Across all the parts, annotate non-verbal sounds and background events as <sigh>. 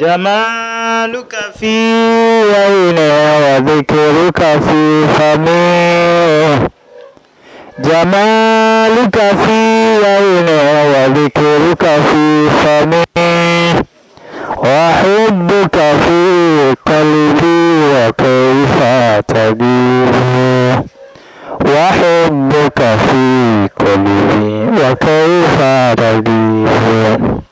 جمالك في عيني وذكرك في فمي جمالك في عيني وذكرك في فمي وحبك في قلبي وكيف تدير وحبك في قلبي وكيف تدير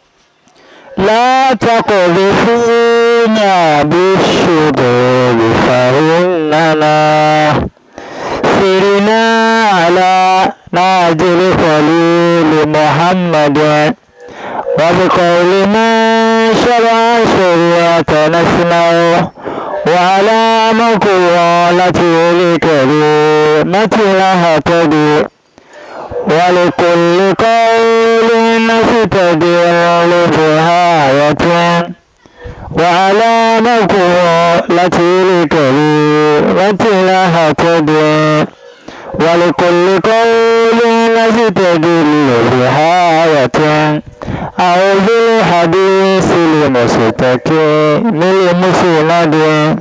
látàkọ̀ lè fún ní àbí ṣòbọ̀rọ̀ ìfàwọ́ ńláńlá sèrèlá àlá náàjẹrẹ pẹ̀lú lè Muhammadun wàbíkọ̀ lè mú ṣọ́rọ̀ ṣòro àtẹnasínáwó wàhálà mọ́kùnrin láti orí kẹ̀lú mẹ́tìlá àtọ́dún. ولكل قول مستدير لبهاية وعلى مقولة الكلمة لها تدين ولكل قول مستدل بهاية أو بالحديث المستكين لمسند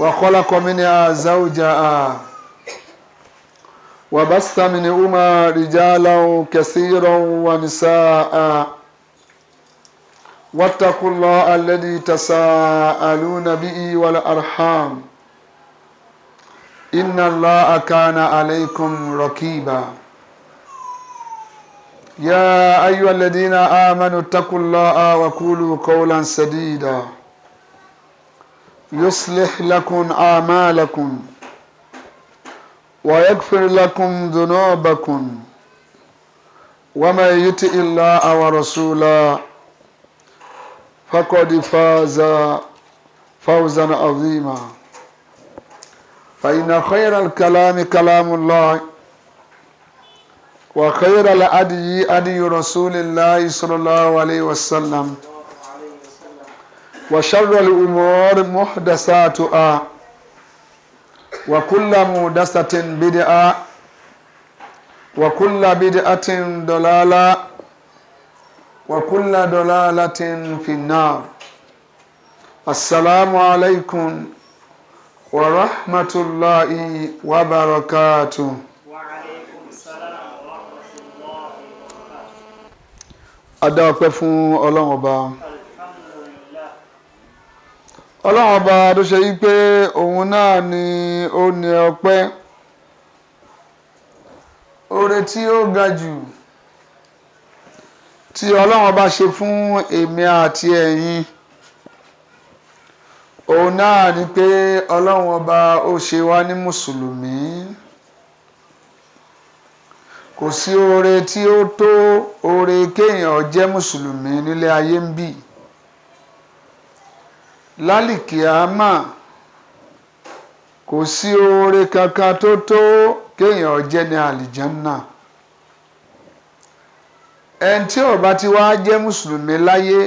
وخلق منها زوجها وبث منهما رجالا كثيرا ونساء واتقوا الله الذي تساءلون به والأرحام إن الله كان عليكم ركيبا يا أيها الذين آمنوا اتقوا الله وقولوا قولا سديدا يصلح لكم أعمالكم ويغفر لكم ذنوبكم ومن يطع الله ورسوله فقد فاز فوزا عظيما فإن خير الكلام كلام الله وخير الأدي أدي رسول الله صلى الله عليه وسلم وشر الأمور محدثاتها وكل محدثة بدعة وكل بدعة ضلالة وكل ضلالة في النار السلام عليكم ورحمة الله وبركاته وعليكم السلام ورحمة الله وبركاته أدعوك الله ọlọ́run ọba tó ṣe yí pé òun náà ni ó ní ọpẹ́ oore tí ó ga jù tí ọlọ́run ọba ṣe fún èmi àti ẹ̀yin òun náà ni pé ọlọ́run ọba ó ṣe wá ní mùsùlùmí kò sí oore tí ó tó oore kéèyàn jẹ́ mùsùlùmí nílé ayé ń bì lálìkíámà kò sí oore kankan tó tó kéèyàn jẹ́ ní àlìjánná ẹni tí ó bá ti wá jẹ́ mùsùlùmí láyé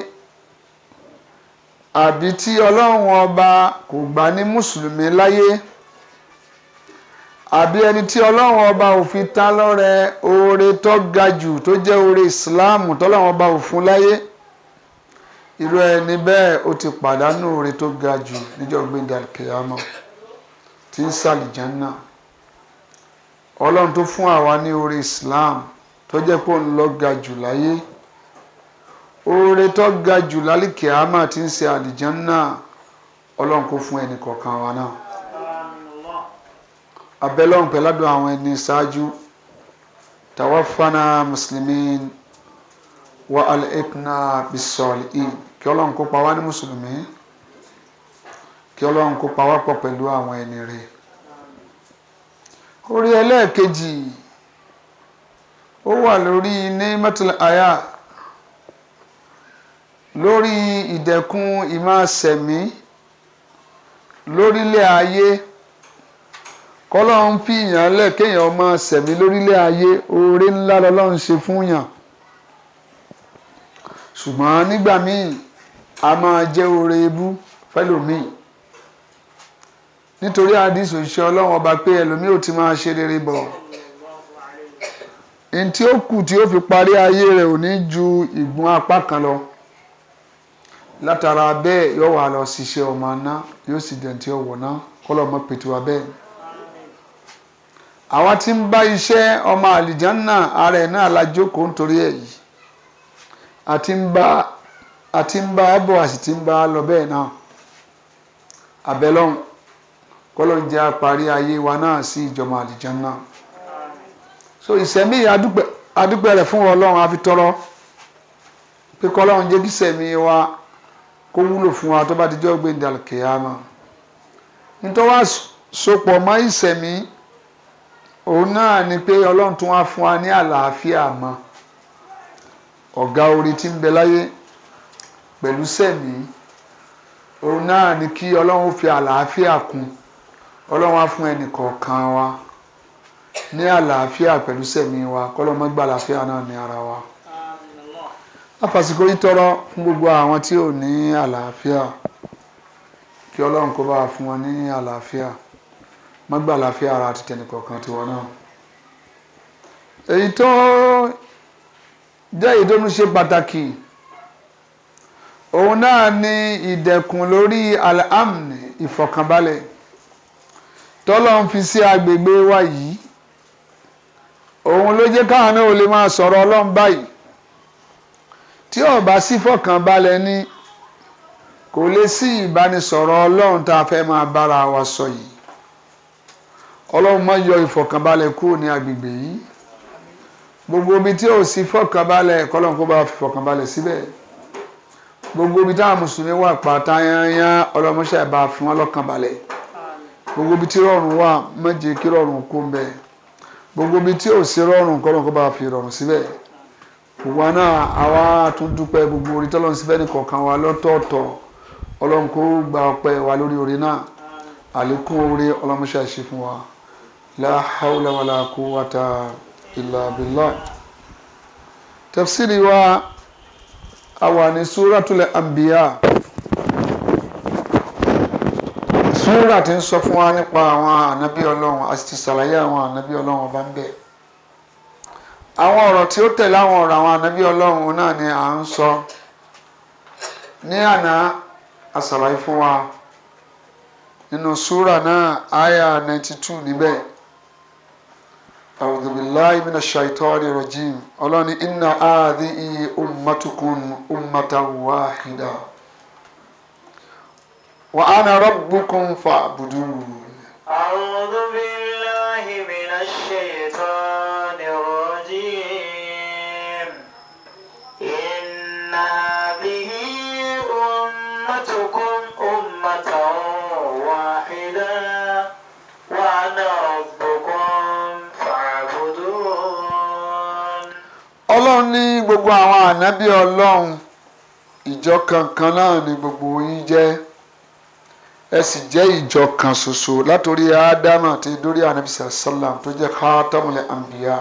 àbí tí ọlọ́run ọba kò gbà ní mùsùlùmí láyé àbí ẹni tí ọlọ́run ọba ò fi ta lọ́rẹ oore tó ga jù tó jẹ́ oore ìsìláàmù tọ́lọ́run ọba ò fún láyé. irú ẹni bẹ́ẹ̀ ó ti pàdánù oore tó ga jù níjọ́ gbẹ̀dẹ̀ àkèyàmọ̀ tí ń sàlìjánná ọlọ́run tó fún àwa ní oore Islam tó jẹ́ pé òun lọ ga jù láyé oore tó ga jù lálìkè àmà tí ń ṣe àlìjánná ọlọ́run kó fún ẹnì kọ̀ọ̀kan wa náà abẹ́lọ́run pẹ̀lú àwọn ẹni ṣáájú muslimin. wa alẹ́kùnà bisọ̀lì ìlú kí ọlọ́run kó pa wá ní mùsùlùmí kí ọlọ́run kó pa wá pọ̀ pẹ̀lú àwọn ẹni rẹ̀ orí ẹlẹ́ẹ̀kejì ó wà lórí neymatul aya lórí ìdẹ̀kùn ìmáṣẹ̀mí lórílẹ̀ ayé kọ́lọ́run fi lẹ̀ kéèyàn máa ṣẹ̀mí lórílẹ̀ ayé oore ńlá lọ́lọ́run ṣe fún yàn ṣùgbọ́n nígbà míì a máa jẹ́ oore ebú fẹ́lòmíì nítorí àdìsí òṣìṣẹ́ ọlọ́run ọba pé ẹlòmíì ò ti máa ṣe rere bọ̀ n tí ó kù tí ó fi parí ayé rẹ̀ ò ní ju ìgbọ́n apá kan lọ látara bẹ́ẹ̀ yóò wà lọ ṣiṣẹ́ ọmọ ná yóò sì dẹ̀ntì ọ̀wọ̀ ná kọ́lọ̀ mọ́ pètè wa bẹ́ẹ̀. àwa tí ń bá iṣẹ́ ọmọ àlìjánná ara ẹ̀ náà la jókòó nítorí ẹ̀ yìí àti ń bá àti ń bá bọ̀ àti ti ń bá lọ bẹ́ẹ̀ náà àbẹ̀lọ́hùn kọ́lọ́n jẹ́ ayé wa náà sí ìjọba àdìjọ́n náà so ìsẹ̀mí adúpẹ́ rẹ̀ fún ọlọ́run a fi tọrọ pé kọ́lọ́run jẹ́ kí sẹ̀mí wa kó wúlò fún wa tó bá ti jọ́ gbẹ̀ǹdà kìyàmá nítorí wá sopọ̀ mọ́ ìsẹ̀mí òun náà ni pé ọlọ́run tún wá fún wa ní àlàáfíà mọ́ ọ̀gá orí tí ń bẹ láyé pẹ̀lú sẹ̀mí òun náà ni kí ọlọ́run fi àlàáfíà kún ọlọ́run á fún ẹnì kọ̀ọ̀kan wa ní àlàáfíà pẹ̀lú sẹ̀mí wa kọ́lọ́ mọ́ gba àlàáfíà náà ní ara wa. afàsìkò yìí tọrọ fún gbogbo àwọn tí ò ní àlàáfíà kí ọlọ́run kó bá fún wọn ní àlàáfíà mọ́ gba àlàáfíà ara àti tẹnìkọ̀ọ̀kan tiwọn náà. èyí tó jẹ́ ìdónú ṣe pàtàkì òun náà ni ìdẹ̀kùn lórí alhamni ìfọ̀kànbalẹ̀ tọ́lọ́ ń fi sí agbègbè wa yìí òun ló jẹ́ káwọn ò lè máa sọ̀rọ̀ ọlọ́run báyìí tí ó sí fọ̀kànbalẹ̀ ni kò lè sí ìbánisọ̀rọ̀ ọlọ́run tá a fẹ́ máa bára wa sọ yìí ọlọ́run máa yọ ìfọ̀kànbalẹ̀ kúrò ní agbègbè yìí gbogbo ibi tí ò sí fọkànbalẹ̀ kọ́lọ́n kó bá fi fọkànbalẹ̀ síbẹ̀ gbogbo ibi táwọn mùsùlùmí wà pátá yányán ọlọ́mọṣẹ́ bá fi wọ́n lọ́kànbalẹ̀ gbogbo ibi tí rọrùn wà má jẹ́ kí rọrùn kó ń bẹ gbogbo ibi tí ò sí rọrùn kọ́lọ́n kó bá fi rọrùn síbẹ̀ ìwà náà àwa tún dúpẹ́ gbogbo orí tọ́lọ́run síbẹ̀ nìkọ̀ọ̀kan wa lọ́tọ̀ọ̀tọ̀ ọlọ́run gba ọpẹ́ wa lórí orí náà àlékún orí ọlọ́mọṣẹ́ ṣe fún wa la hawla wala quwwata ìlà àbílà tafsiri wa a wà ní suratul anbiya sura ti ń sọ fún wa nípa àwọn ànábí ọlọ́run a sì ti ṣàlàyé àwọn ànábí ọlọ́run ọba ń bẹ̀ àwọn ọ̀rọ̀ tí ó tẹ̀lé àwọn ọ̀rọ̀ àwọn ni à ń sọ ní àná a ṣàlàyé wa nínú sura náà aya ninety two أعوذ بالله من الشيطان الرجيم ọlọ́run ní إن هذه أمتكم أمة واحدة وأنا ربكم فاعبدون. أعوذ بالله. ní gbogbo àwọn ànábì ọlọ́run ìjọ kankan náà ni gbogbo yín jẹ́ ẹ sì jẹ́ ìjọ kan ṣoṣo látòrí ádámà àti dórí ànábì sàlám tó jẹ́ khatamul anbiya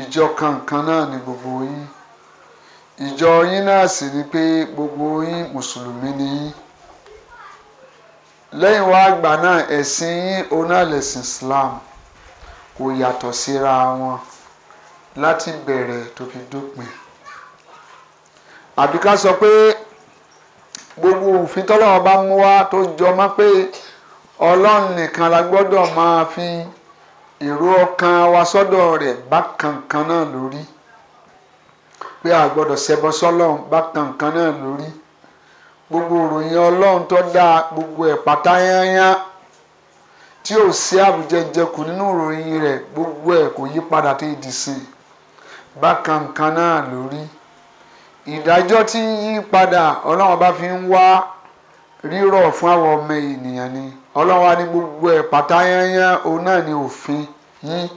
ìjọ kankan náà ni gbogbo yín ìjọ yín náà sì ni pé gbogbo yín mùsùlùmí ni yín lẹ́yìn wá àgbà náà ẹ̀sìn yín onáàlẹ̀sìn islam kò yàtọ̀ síra wọn láti bẹ̀rẹ̀ tó fi dópin àbí ká sọ pé gbogbo òfin tọ́lọ́wọ́ bá mú wá tó jọ mọ́ pé ọlọ́run nìkan la gbọ́dọ̀ máa fi èrò ọkàn wa sọ́dọ̀ rẹ̀ bákan kan náà lórí pé a gbọ́dọ̀ ṣẹbọ sọ́lọ́run bákan kan náà lórí gbogbo ìròyìn ọlọ́run tó dáa gbogbo ẹ̀ pátá tí ò sí àbújẹjẹkù nínú ìròyìn rẹ̀ gbogbo ẹ̀ kò yí padà tó ìdí sí i bákan lórí ìdájọ́ tí ń yí padà ọlọ́run bá fi ń wá rírọ̀ fún àwọn ọmọ ènìyàn ni ọlọ́run wa ní gbogbo ẹ̀ òun náà ni òfin yín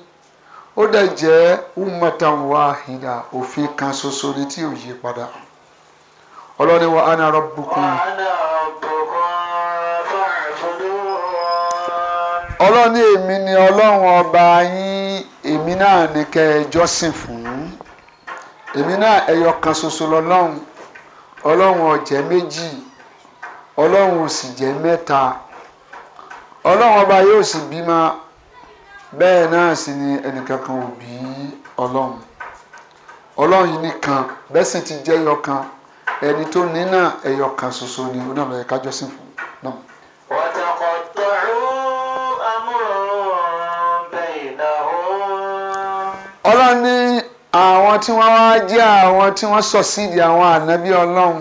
ó dẹ̀ jẹ́ ummatan wahida òfin kan ṣoṣo ni tí ò yí padà ọlọ́run wa ana ọlọ́run ni èmi ni ọlọ́run ọba yín. èmi náà ni kẹ́ ẹ jọ́sìn fún èmi náà ẹyọ kan ṣoṣo lọ́lọ́run ọlọ́run ò jẹ́ méjì ọlọ́run ò sì jẹ́ mẹ́ta ọlọ́run ọba yóò sì bímọ bẹ́ẹ̀ náà sì ni ẹnìkankan ò bí ọlọ́run ọlọ́run yìí nìkan bẹ́ẹ̀ ti jẹ́ ẹyọ kan ẹni tó ní náà ẹyọ kan ṣoṣo ni ó náà lọ́ọ́ ká jọ́sìn fún. ọlọ́run ní àwọn tí wọ́n wá jẹ́ àwọn tí wọ́n sọ sídìí àwọn ànábí ọlọ́run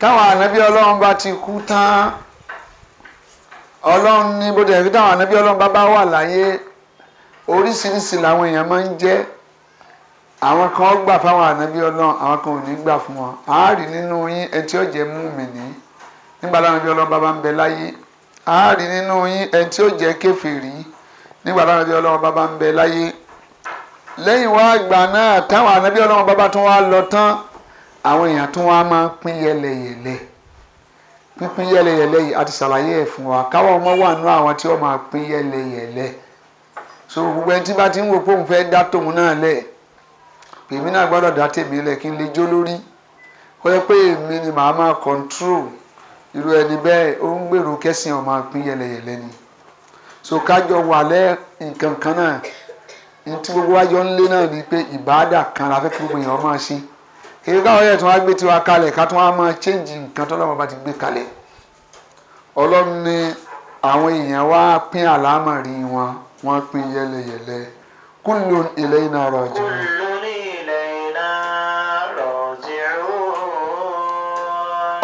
táwọn ànábí ọlọ́run bá ti kú tán ọlọ́run ní bó dẹ̀ fi táwọn ànábí ọlọ́run bá bá wà láyé oríṣiríṣi làwọn èèyàn máa ń jẹ́ àwọn kan gbà fáwọn ànábí ọlọ́run àwọn kan ò ní gbà fún wọn àárí nínú yín ẹ tí ó jẹ́ mùmínì nígbà láwọn ànábí ọlọ́run bá bá ń bẹ láyé àárí nínú yín ẹ tí ó nígbà láwọn ànábí ọlọ́run bá bá ń bẹ láyé lẹ́yìn wá ìgbà náà táwọn ànábí ọlọ́run bàbá tún wá lọ tán àwọn èèyàn tún wá máa ń pín yẹlẹyẹlẹ pínpín yẹlẹyẹlẹ yìí a ṣàlàyé ẹ̀ fún wa káwọn ọmọ wà nú àwọn tí wọ́n máa pín yẹlẹyẹlẹ so gbogbo ẹni tí bá ti ń wo póun fẹ́ dá tòun náà lẹ̀ èmi náà gbọ́dọ̀ dá tèmi lẹ̀ kí n lè jó lórí ó yẹ pé èmi ni màá máa control irú ẹni bẹ́ẹ̀ ó ń gbèrò kẹ́sìn ó pín yẹlẹyẹlẹ ni so kájọ wà lẹ́ nǹkan kan náà ntí gbogbo wa jọ ń lé náà ni pé ìbáàdà kan la fẹ́ kí gbogbo èèyàn ṣe èyí káwọn yẹn tí wọ́n á gbé tiwa kalẹ̀ ká tí wọ́n á máa chẹ́ǹjì nǹkan tó lọ́wọ́ bá ti gbé kalẹ̀ ọlọ́run ní àwọn èèyàn wá pín àlámọ̀rí wọn wọ́n pín yẹlẹyẹlẹ kullun ilayna raji'un. kullun ilayna raji'un.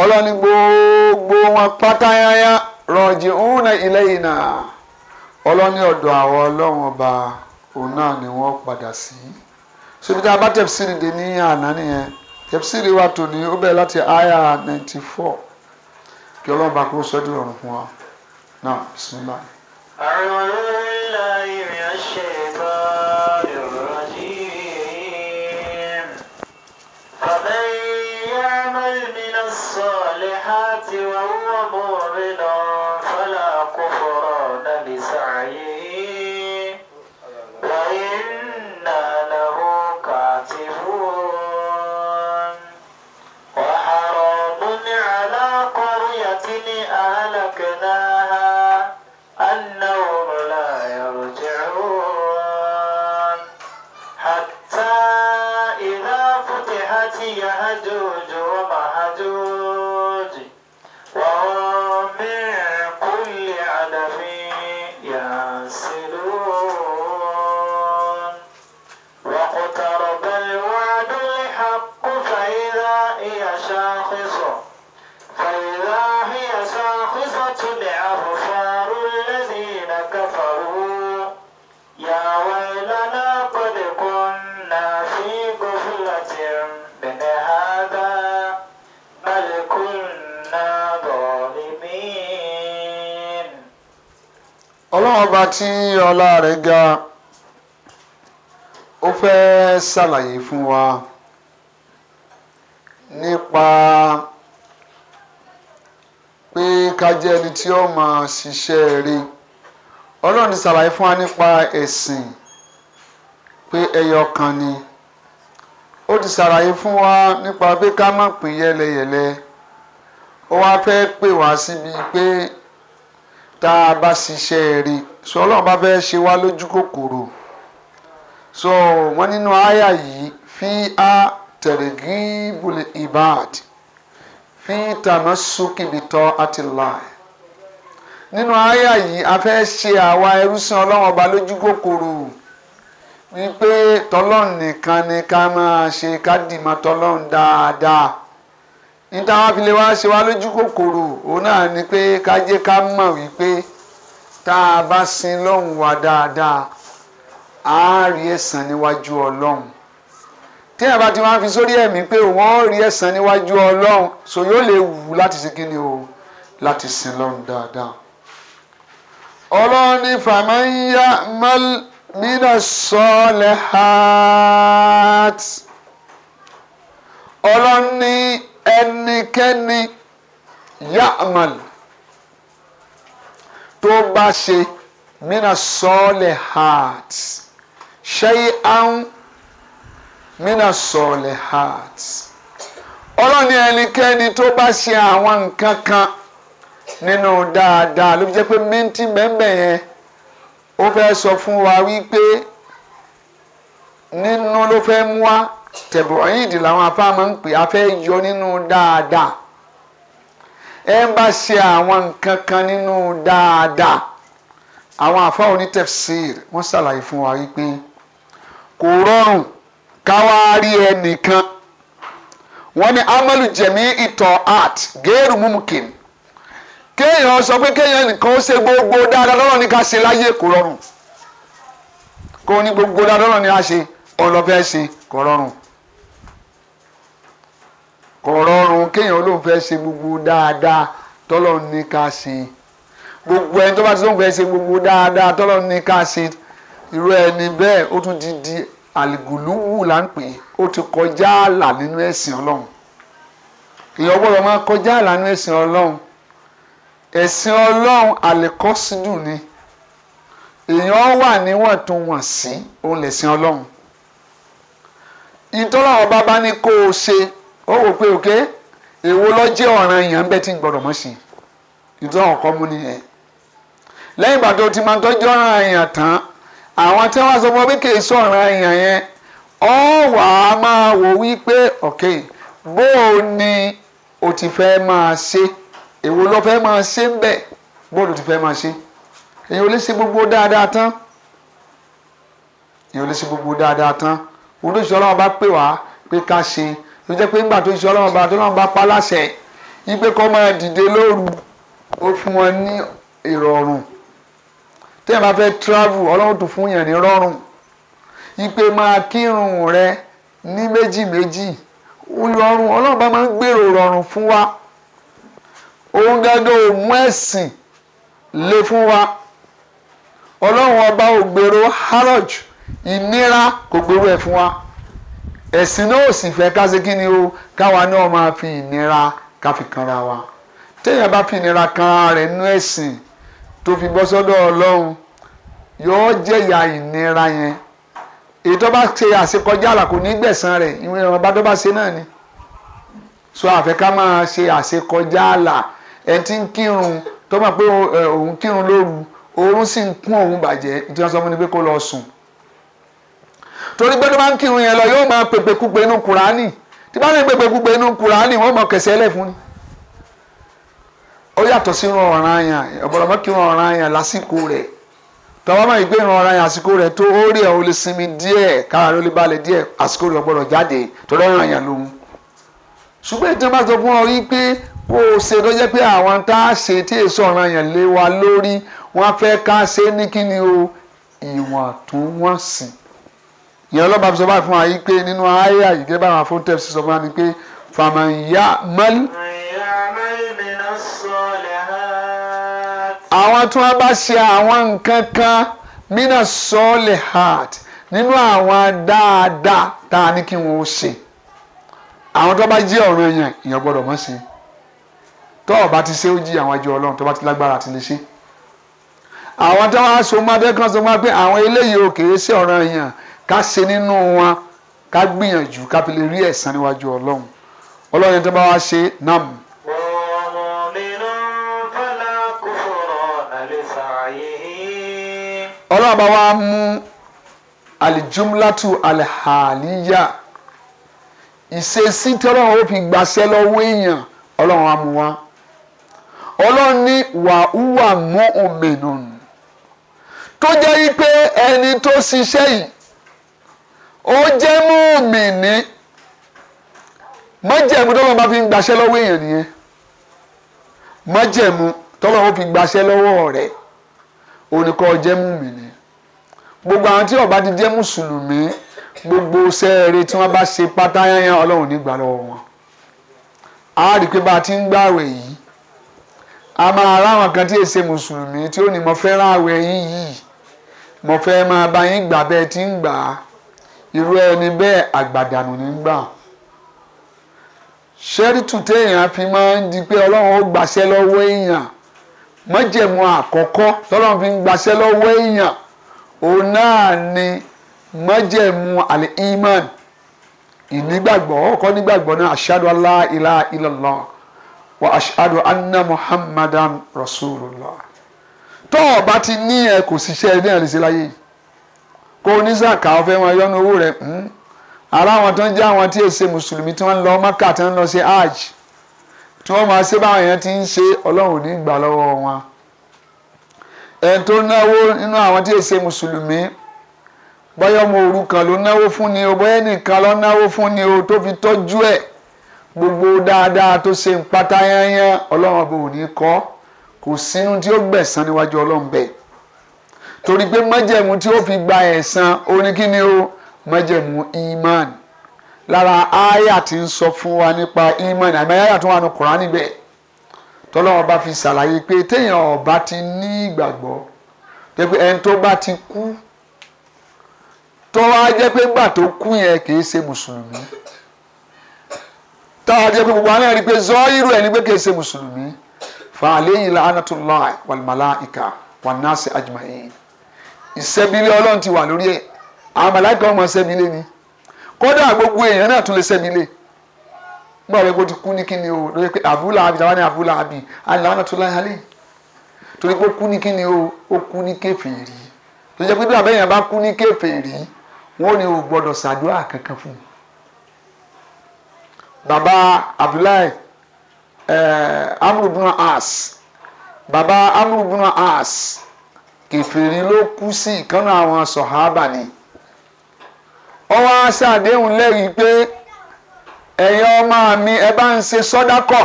ọlọ́ni gbogbo wọn pátá yáyá raji'una ilayna ọlọ́ni ọ̀dọ̀ àwọn ọlọ́run ọba òun náà ni wọ́n padà sí ṣébi tí a bá tẹ̀síìrì dé ní àná nìyẹn tẹ̀síìrì wa tò ní ó bẹ̀rẹ̀ láti àyà ninety four kí ọlọ́run bá kó sọ́jú ọ̀run fún wa náà bisimilá. فمن يعمل من الصالحات وهو مؤمن فلا كفر ọlá rẹ̀ ga ó fẹ́ ṣàlàyé fún wa nípa pé ká jẹ́ ẹni tí ó máa ṣiṣẹ́ rí ọlọ́run ti ṣàlàyé fún wa nípa ẹ̀sìn pé ẹyọ kan ni ó ti ṣàlàyé fún wa nípa pé ká má pín yẹlẹyẹlẹ ó wá fẹ́ pè wá síbi pé tá a bá ṣiṣẹ́ rí so ọlọ́run bá fẹ́ ṣe wá lójú kòkòrò so wọ́n nínú àyà yìí fi á tẹ̀rẹ̀gìbùlì ibad fi tànà sókìbìtọ́ àti láì nínú àyà yìí a fẹ́ ṣe àwa ẹrúsìn ọlọ́run ọba lójú kòkòrò wípé tọlọ́run nìkan ni ká máa ṣe ká dìmọ̀ tọlọ́run dáadáa níta wá fi lè wá ṣe wá lójú kòkòrò òun náà ni pé ká jẹ́ ká mọ̀ wípé tá a bá sin lọ́hùn wa dáadáa á rí ẹ̀san níwájú ọlọ́run tí ẹ̀ bá ti máa fi sórí ẹ̀mí pé wọ́n rí ẹ̀san níwájú ọlọ́run so yóò lè wù láti ṣe kí ni o láti sin lọ́hùn dáadáa. ọlọ́run ní fàmáyà mal mina sọ́ọ̀lẹ̀ hàt ọlọ́run ní ẹnikẹ́ni ya'mal tó bá ṣe mina sọ́ọ̀lẹ̀ heart ṣẹ́yí ahun mina sọ́ọ̀lẹ̀ heart ọlọ́run ní ẹnikẹ́ni tó bá ṣe àwọn nǹkan kan nínú dáadáa ló fi jẹ́ pé mẹ́ntì mẹ́mbẹ̀ yẹn ó fẹ́ sọ fún wa wípé nínú ló fẹ́ mú wa tẹ̀bọ̀ yìí dì làwọn afá ń pè á yọ nínú dáadáa ẹ ń bá ṣe àwọn nǹkan kan nínú dáadáa àwọn àfa onítẹ̀fsíìr wọ́n ṣàlàyé fún wa wípé kò rọrùn káwá ẹnìkan wọ́n ní amalu jẹ̀mí ìtọ̀ art géèrú mumkin kéèyàn sọ pé kéèyàn nìkan ó ṣe gbogbo dáadáa lọ́rọ̀ ní ká ṣe láyé kò rọrùn kó ní gbogbo dáadáa lọ́rọ̀ ní ká ṣe ọlọ́fẹ́ ṣe kò rọrùn kò rọrùn kéèyàn ló ń fẹ́ ṣe gbogbo dáadáa tọ́lọ́ ní ká ṣe gbogbo ẹni tó bá ti ló ń fẹ́ ṣe gbogbo dáadáa tọ́lọ́ ní ká ṣe irú ẹni bẹ́ẹ̀ ó tún ti di àlìgùlùwù là ń pè é ó ti kọjá àlà nínú ẹ̀sìn ọlọ́run èèyàn gbọ́dọ̀ máa kọjá àlà nínú ẹ̀sìn ọlọ́run ẹ̀sìn ọlọ́run àlẹ́kọ́sídù ni èèyàn wà níwọ̀ntúnwọ̀nsí òun lẹ̀sìn ọlọ́run ìtọ́lọ́wọ́ bàbá ní kó o ṣe ó wò pé òkè èwo lọ jẹ́ ọ̀ràn èèyàn ń bẹ́ tí ń gbọ́dọ̀ mọ́ sí i nítorí àwọn ọkọ mú nìyẹn lẹ́yìn ìgbà tó ti máa tọ́jú ọ̀ràn èèyàn tán àwọn tí wọ́n sọ fún ọ kì í sọ̀ràn èèyàn yẹn ọ wà á máa wò wípé òkè bó o ní o ti fẹ́ máa ṣe èwo lọ fẹ́ máa ṣe ń bẹ̀ bó o ti fẹ́ máa ṣe èyàn ò lè ṣe gbogbo dáadáa tán èyàn ò lè ṣe gbogbo dáadáa tán olóṣèlú ọlọ́run bá pè wá pé ká ṣe tó jẹ́ pé ńgbà tó ṣe ọlọ́run ọba tó náà bá pa láṣẹ ipe kọ́ máa dìde lóru ó fún wọn ní ìrọ̀rùn tẹ́yìn bá fẹ́ travel ọlọ́run tó fún yẹn ní rọ̀rùn ipe máa kírun rẹ ní méjì méjì rọ̀rùn ọlọ́run bá máa ń gbèrò rọ̀rùn fún wa òun gángan ò mú ẹ̀sìn lé fún wa ọlọ́run ọba ò gbèrò ìnira kò gbèrò ẹ̀ fún wa ẹ̀sìn náà ò sì fẹ́ ká ṣe kí ni o káwa náà máa fi ìnira ká fi kanra wa téèyàn bá fi ìnira kanra rẹ̀ nú ẹ̀sìn tó fi bọ́ sọ́dọ̀ ọlọ́run yóò jẹ̀yà ìnira yẹn èyí bá ṣe àṣekọjá àlà kò rẹ̀ ìwé ìrànlọ́ bá tó bá ṣe náà ni so àfẹ́ ká máa ṣe àṣekọjá àlà ẹ̀ ti ń kírun tó mọ̀ pé òun kírun lóru oorun sì ń kún òun bàjẹ́ ìtura sọ ni pé kó lọ sùn torí pé tó bá ń kírun yẹn lọ yóò máa pèpèkúgbe inú kùránì tí bá lè pèpèkúgbe inú kùránì wọ́n mọ̀ kẹsẹ̀ ẹlẹ́ fún ni. ó yàtọ̀ sí ìran ọ̀ràn àyàn ọ̀pọ̀lọpọ̀ kí ìran ọ̀ràn àyàn lásìkò rẹ̀ tọ́wọ́ máa gbé ìran ọ̀ràn àyàn àsìkò rẹ̀ tó ó rí ẹ̀ ó lè sinmi díẹ̀ kára ló lè balẹ̀ díẹ̀ àsìkò rẹ̀ ọ̀gbọ́dọ̀ jáde tó lọ́rùn àyàn wọ́n fẹ́ ìyẹn ọlọ́ba fi sọ báyìí fún wa yìí pé nínú ayé àyíké báwọn afọ́ntẹ́ fi sọ fún wa ni pé fàmàyà mọ́lì. àwọn tí wọ́n bá ṣe àwọn nǹkan kan mina sọ́ọ̀lì hàt nínú àwọn dáadáa tá a ní kí wọ́n ó ṣe àwọn tó bá jẹ́ ọ̀ràn èèyàn èèyàn gbọ́dọ̀ mọ̀ sí tó ọba ti ṣe ó jí àwọn ẹjọ́ ọlọ́run tó bá ti lágbára àti lè ṣe àwọn tó wá so máa dẹ́kan so máa pé àwọn eléyìí ò kèé sí ọ̀ràn èèyàn ká ṣe nínú wọn ká gbìyànjú ká fi lè rí ẹ̀san níwájú ọlọ́run ọlọ́run tó bá wá ṣe nam. ọlọ́run bá wá mú alijumlatu alihaliya ìṣesí tí ọlọ́run ó fi gbàṣẹ́ lọ́wọ́ èèyàn ọlọ́run á mú wá ọlọ́run ní wàhùwà mú òmìnirun tó jẹ́ wípé ẹni tó ṣiṣẹ́ yìí ó jẹ́ mùmíní májẹ̀mú tọ́lọ́run fi ń gbaṣẹ́ lọ́wọ́ èèyàn nìyẹn fi gbaṣẹ́ lọ́wọ́ rẹ̀ gbogbo àwọn tí ọba ti jẹ́ mùsùlùmí gbogbo sẹ́ẹ̀rẹ́ tí wọ́n bá ṣe pátá ọlọ́run nígbà wọn a rí ti ń gbààwẹ̀ yìí a máa ráwọn kan tí tí ó ní mo fẹ́ yìí mo fẹ́ máa bá yín gbà bẹ́ẹ̀ ti ń irú ẹni bẹ́ẹ̀ àgbàdànù ní gbà ṣẹ́rìtù téèyàn fi máa ń di pé ọlọ́run ó gbàṣẹ́ lọ́wọ́ èèyàn májẹ̀mú àkọ́kọ́ tọ́lọ́run fi ń gbàṣẹ́ lọ́wọ́ èèyàn òun náà ni májẹ̀mú àlẹ́ iman ìnígbàgbọ́ ọkọ nígbàgbọ́ náà ashadu alla ilaha illallah wa ashadu anna muhammadan rasulullah tọ́ọ̀ bá ti ní ẹ kò ṣiṣẹ́ ẹ ní àlè láyé yìí kó o ní zaka o fẹ́ máa yọnu owó rẹ hm? ara àwọn tó ń jẹ́ àwọn tí èsè mùsùlùmí tí wọ́n ń lọ mọ́kà tí wọ́n ń lọ sí hajj tí wọ́n máa ṣe báwọn yẹn ti ń ṣe ọlọ́run ní gbà lọ́wọ́ wọn ẹni tó náwó nínú àwọn tí èsè mùsùlùmí bọ́yọ́ ọmọ òrukàn ló náwó fún ni o bọ́yọ́ nìkan ló náwó fún ni o tó fi tọ́jú ẹ̀ gbogbo dáadáa tó ṣe ń pátá yányán ọlọ́run ọba ò ní kọ́ kò sínú tí ó gbẹ̀san níwájú ọlọ́run bẹ́ẹ̀ torí pé májẹ̀mú tí ó fi gba ẹ̀san oníkíni o májẹ̀mú iman lára aya tí ń sọ fún wa nípa iman àmì aya tó wà ní Kùránì níbẹ̀ tọ́lọ́wọ́n bá fi ṣàlàyé pé téèyàn ọba ti ní ìgbàgbọ́ jẹ́ pé ẹni tó bá ti kú tó wá jẹ́ pé gbà tó kú yẹn kì í ṣe mùsùlùmí tá a jẹ́ pé gbogbo àwọn ẹni pé zọ́ irú ẹni pé kì í ṣe mùsùlùmí fa alayhi la'natullah wal wà wan nas ajma'in ìṣẹ́bílé ọlọ́run ti wà lórí ẹ̀ àwọn màláìka ọmọ ṣẹ́bílé ni kódà gbogbo èèyàn náà tún lè ṣẹ́bílé nígbà wípé ó ti kú ní kíni o lórí pé àbúlà àbí tàbá ní àbúlà àbí àlà náà tún láyà torí pé kú ní kíni o ó kú ní kèfèrí tó jẹ́ pé bí bá kú ní kèfèrí wọn ò ní o gbọ́dọ̀ kankan fún un bàbá Abdullahi eh, amúrúbùnà bàbá kẹfìrí ló kú sí ìkànnà àwọn sọ̀hábà ni ó wá ṣàdéhùn lẹ́yìn pé ẹ̀yin ọmọ mi ẹ bá ń ṣe sọ́dákọ̀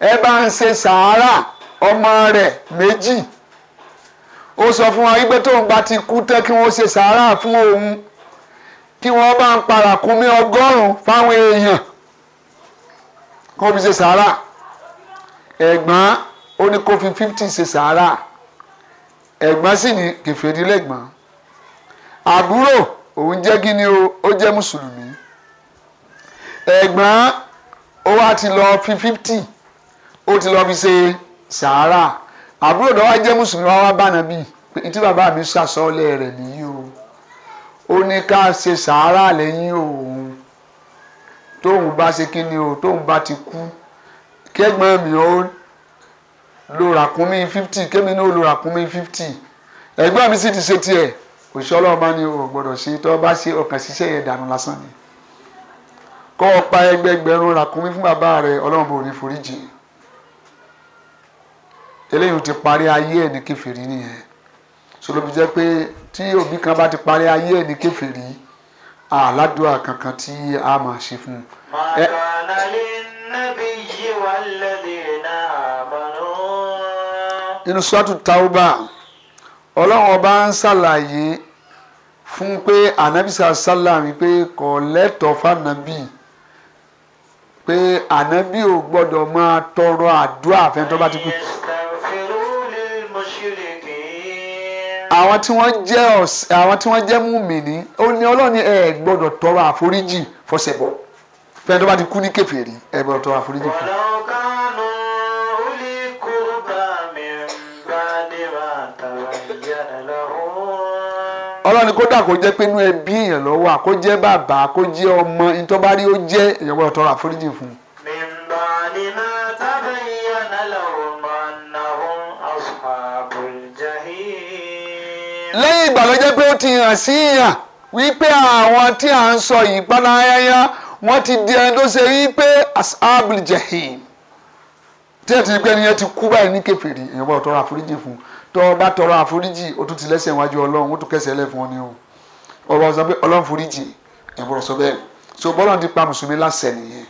ẹ bá ń ṣe sàárà ọmọ rẹ̀ méjì ó sọ fún wa wípé tóun bá ti kú tẹ́ kí wọ́n ṣe sàárà fún òun kí wọ́n bá ń parakùnmí ọgọ́rùn-ún fáwọn èèyàn kó fi ṣe sàárà ẹ̀gbọ́n ó ní kó fi fifty ṣe sàárà ẹ̀gbọ́n sì ni kèfèrí lẹ́gbọ́n àbúrò òun jẹ́ gíní o ó jẹ́ mùsùlùmí ẹ̀gbọ́n ó wá ti lọ fi fifty ó ti lọ fi ṣe sàárà àbúrò náà wá jẹ́ mùsùlùmí wá wá bá nàbí tí bàbá mi ṣàṣọlẹ̀ rẹ̀ nìyí o ó ní ká ṣe sàárà lẹ́yìn òun tóun bá ṣe kíni o tóun bá ti kú kẹ́gbọ́n mi ó lo fifty kémi ní o fifty ẹ̀gbọ́n mi sì ti ṣe tiẹ̀ òṣìṣẹ́ ọlọ́run bá ní o gbọ́dọ̀ ṣe tó bá ṣe ọkàn ṣiṣẹ́ yẹn dànù lásán ni kọ́ ọ pa ẹgbẹgbẹ̀rún ràkúnmí fún bàbá rẹ ọlọ́run bò ní foríjì eléyìí ti parí ayé ẹ̀ ní kẹfìrí nìyẹn sọlọ́bi jẹ́ pé tí òbí kan bá ti parí ayé ẹ̀ ní kẹfìrí àládùá kankan tí a máa ṣe fún un. màkànà lè nàbí yíwá lẹ́lẹ̀ náà bọ́lá nínú sọ́ọ̀tù tàwùbà ọlọ́run ọba ń ṣàlàyé fún pé ànábìsà sálàmì pé kò lẹ́tọ̀ọ́ fànàbì pé ànábì ò gbọ́dọ̀ máa tọrọ àdúrà fẹ́ntọ́ bá ti kú. àwọn tí wọ́n jẹ́ ọ̀sẹ̀ àwọn tí wọ́n jẹ́ múmìnì ó ní ọlọ́run ní ẹ̀ gbọ́dọ̀ tọrọ àforíjì fọṣẹ̀bọ̀ fẹ́ntọ́ bá ti kú ní kèfèrí ẹ̀ gbọ́dọ̀ tọrọ àforíjì fún un. ọlọ́ni kódà kó jẹ́ pé inú ẹbí èèyàn ló wà kó jẹ́ bàbá kó jẹ́ ọmọ ó jẹ́ èèyàn gbọ́dọ̀ tọrọ àforíjì fún un. lẹ́yìn ìgbà ló jẹ́ pé ó ti hàn sí yàn wípé àwọn tí à ń sọ yìí padà ayáyá wọ́n ti di ẹni tó ṣe wípé ashabul jahim tí ẹ̀ ti rí pé ti kú báyìí ní kèfèrí èèyàn gbọ́dọ̀ tọrọ àforíjì fún un tó o bá tọrọ àforíjì o tún ti lẹ́sẹ̀ wájú ọlọ́run o tún kẹsẹ̀ lẹ̀ ni o ọ̀rọ̀ sọ pé ọlọ́run foríjì ìbúrọ̀ sọ bẹ́ẹ̀ so bọ́lá ti pa mùsùlùmí láṣẹ nìyẹn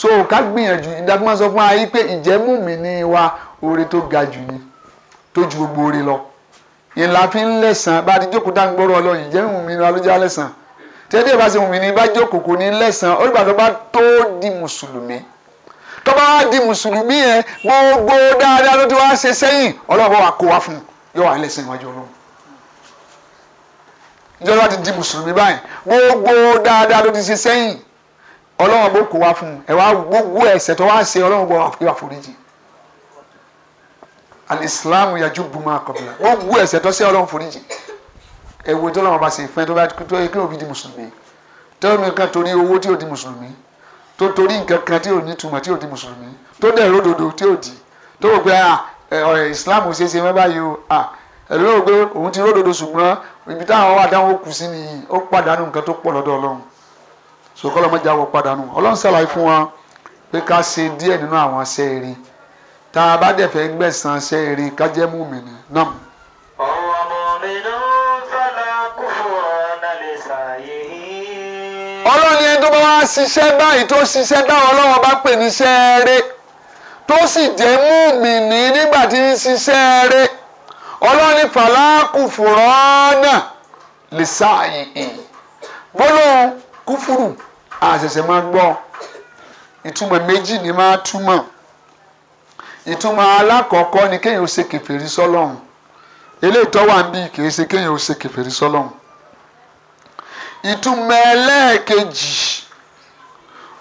so ká gbìyànjú ìdágbọ́n sọ fún ayé pé ìjẹ́mú mi ní wa oore tó ga jù ni tó ju gbogbo oore lọ ìlà fi ń lẹ̀sán bá a ti jókòó dá ń gbọ́rọ̀ ọlọ́run ìjẹ́mú mi ní wa ló já lẹ̀sán tẹ́lẹ̀ bá ṣe mùmí ní bá jókòó ní lẹ̀sán ó dìgbà tó bá wá di mùsùlùmí yẹn gbogbo dáadáa ló ti wá ṣe sẹ́yìn ọlọ́run wa kó wá fún yóò wá lẹ́sìn iwájú ọlọ́run ìjọba ti di mùsùlùmí báyìí gbogbo dáadáa ló ti ṣe sẹ́yìn ọlọ́run bó kó wá fún ẹ wá gbogbo ẹ̀ṣẹ̀ tó wá ṣe ọlọ́run bó wá foríjì alisilamu yaju buma akọbila gbogbo ẹ̀ṣẹ̀ tó ṣe ọlọ́run foríjì ẹ̀wò tó lọ́wọ́ bá ṣe fẹ́ tó bá kí òbí di mùsùlùmí tẹ́lẹ̀ mi kan torí owó tí ò di mùsùlùmí tó torí nǹkan kan tí ò ní túmọ̀ tí ò di mùsùlùmí tó dẹ̀ ródòdó tí ò di tó wò pé ah, ọ̀rẹ́ islam ṣe é ṣe mẹ́ báyìí o ah, ẹ̀rọ ló pé òun ti ródòdó ṣùgbọ́n ibi táwọn wà dáhùn ó kù sí nìyí ó pàdánù nǹkan tó pọ̀ lọ́dọ̀ ọlọ́run sòkòlọ́ mọ́jà wọ pàdánù ọlọ́run ṣàlàyé fún wọn pé ká ṣe díẹ̀ nínú àwọn ṣẹ́ẹ̀rì tá a bá dẹ̀ fẹ́ gbẹ̀sán ṣẹ́ẹ̀rì ká jẹ́ múmi náà. bá wá ṣiṣẹ́ báyìí tó ṣiṣẹ́ táwọn ọlọ́wọ́n bá pè ní sẹ́ẹ̀rẹ́ tó sì jẹ́ mùmìnì nígbà tí ń ṣiṣẹ́ rẹ̀ ọlọ́ni fàlákù fùrọ́nà lè sáàyè gbólóhùn kúfùrù àṣẹ̀ṣẹ̀ máa gbọ́ ìtumọ̀ méjì ni máa túmọ̀ ìtumọ̀ alákọ̀ọ́kọ́ ni kéèyàn ó ṣe kèfèrí sọ́lọ́run eléyìí tó wà ń bí kì í ṣe kéèyàn ó ṣe kèfèrí sọ́lọ́run ìtumọ̀ ẹlẹ́ẹ̀kejì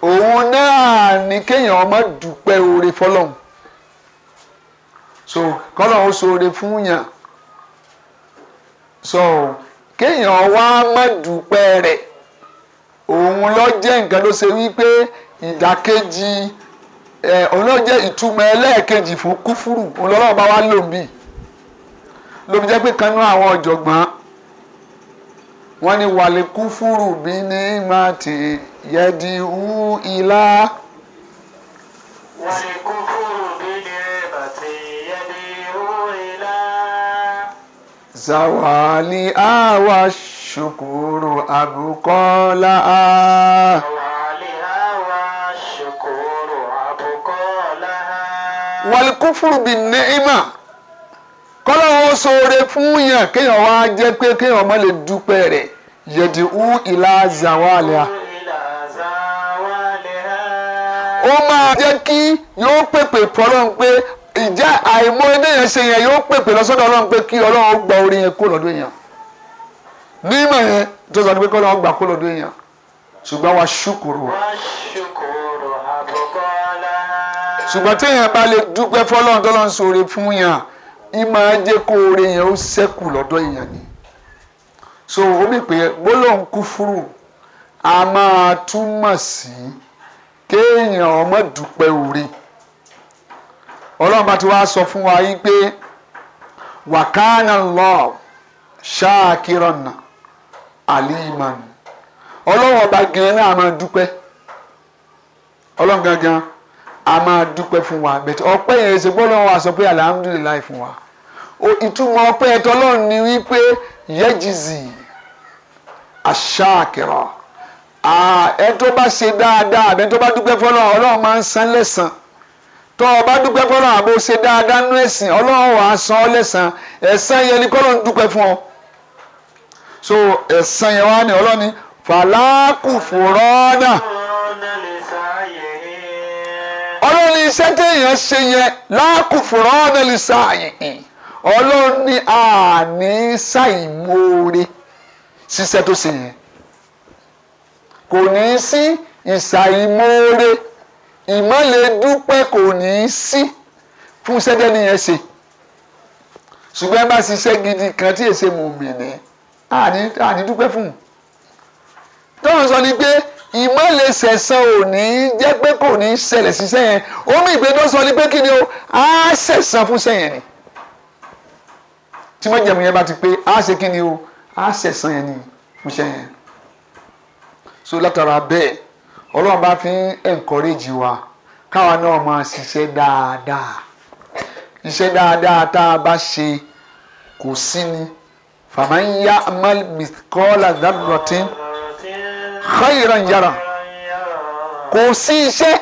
òun náà ni kéèyàn má dúpẹ́ oore fọlọ́hún so kọ́lọ̀ ó ṣoore fún yàn so kéèyàn wá má dúpẹ́ rẹ̀ òun ló jẹ́ nǹkan ló ṣe wípé ìdàkejì ẹ̀ òun ló jẹ́ ìtumọ̀ ẹlẹ́ẹ̀kejì fún kúfúrù òun lọ́lọ́run bá wá lòmíì jẹ́ pé kan àwọn ọ̀jọ̀gbọ́n wọ́n ní wàlékú fúrù bí ní máa ti yẹdi wú ilá. wàlékú fúrù bí ní máa ti yẹdi ilá. zawali awa shukuru abukola. zawali awa shukuru abukola. wàlékú fúrù bí ní ìmá kọ́lọ́wọ́ sóore fún yàn kéèyàn wá jẹ́ pé kéèyàn mọ́ lè dúpẹ́ rẹ̀ yẹ̀dì ú ìlà zàwálẹ̀ à. ó máa jẹ́ kí yóò pèpè fọlọ́run pé ìjẹ́ àìmọ̀ ilé yẹn ṣe yẹn yóò pèpè lọ́sọ́dọ̀ ọlọ́run pé kí ọlọ́run gba orí yẹn kó lọ́dọ̀ yẹn nímọ̀ yẹn tó sọ pé kí gbà kó lọ́dọ̀ yẹn ṣùgbọ́n wa ṣùkúrù. ṣùgbọ́n téèyàn bá lè dúpẹ́ fọlọ́run tọ́lọ́run ìmọ̀ ajé kó oore yẹn ó lọdọ lọ́dọ̀ èèyàn ni so omi pé gbólóhùn kúfúrú a máa túmọ̀ sí kéèyàn ọmọ dúpẹ́ oore ọlọ́run bá ti wá sọ fún wa yí pé wàkánà lọ́ọ̀ ṣáàkìrọ̀nà àlìmọ̀nì ọlọ́run ọba gan-an náà máa dúpẹ́ ọlọ́run a máa dúpẹ́ fún wa bẹ̀tẹ̀ ọpẹ́ yẹn ṣe gbọ́dọ̀ sọ pé alihamudulilayi fún wa. ìtumọ̀ ọpẹ́ tọ́lọ́run ni wípé yẹ́jìzì àṣàkìrọ̀ ẹ tó bá ṣe dáadáa àbẹ tó bá dúpẹ́ fọlọ́ ọlọ́run máa ń san lẹ́san tó o bá dúpẹ́ fọlọ́ àbò ṣe dáadáa nú ẹ̀sìn ọlọ́run wàá san ọ́ lẹ́san ẹ̀san yẹn ni kọ́lọ́run dúpẹ́ fún ọ so ẹ̀san yẹn wá ní ọlọ́run ní fàlákù fòrọ́nà ọlọ́run iṣẹ́ téèyàn ṣe yẹn láàkù fòrọ́nà lè sáàyè ọlọ́run ní àní ṣàìmoore ṣiṣẹ́ tó ṣe yẹn kò ní í sí ìṣàìmoore ìmọ̀lẹ̀ dúpẹ́ kò ní í sí fún sẹ́jẹ́ nìyẹn ṣe ṣùgbọ́n bá ṣiṣẹ́ gidi kan tí èsè mùmìnì àní àní dúpẹ́ fún un tóun sọ ni pé ìmọ̀lẹ̀ sẹ̀sán ò ní jẹ́ pé kò ní ṣẹlẹ̀ ṣiṣẹ́ yẹn omi ìgbẹ́dọ́ sọ ni pé kí ni o á sẹ̀sán fún sẹ́yìn ni tí májẹ̀mú yẹn bá ti pé á ṣe kí ni o á ṣẹ̀san yẹn ni mo ṣe yẹn so látara bẹ́ẹ̀ ọlọ́run bá fi ń encourage wa káwa náà máa ṣiṣẹ́ dáadáa iṣẹ́ dáadáa tá a bá ṣe kò sí ni fàmáyà amal mithqala dharratin khayran yara kò sí iṣẹ́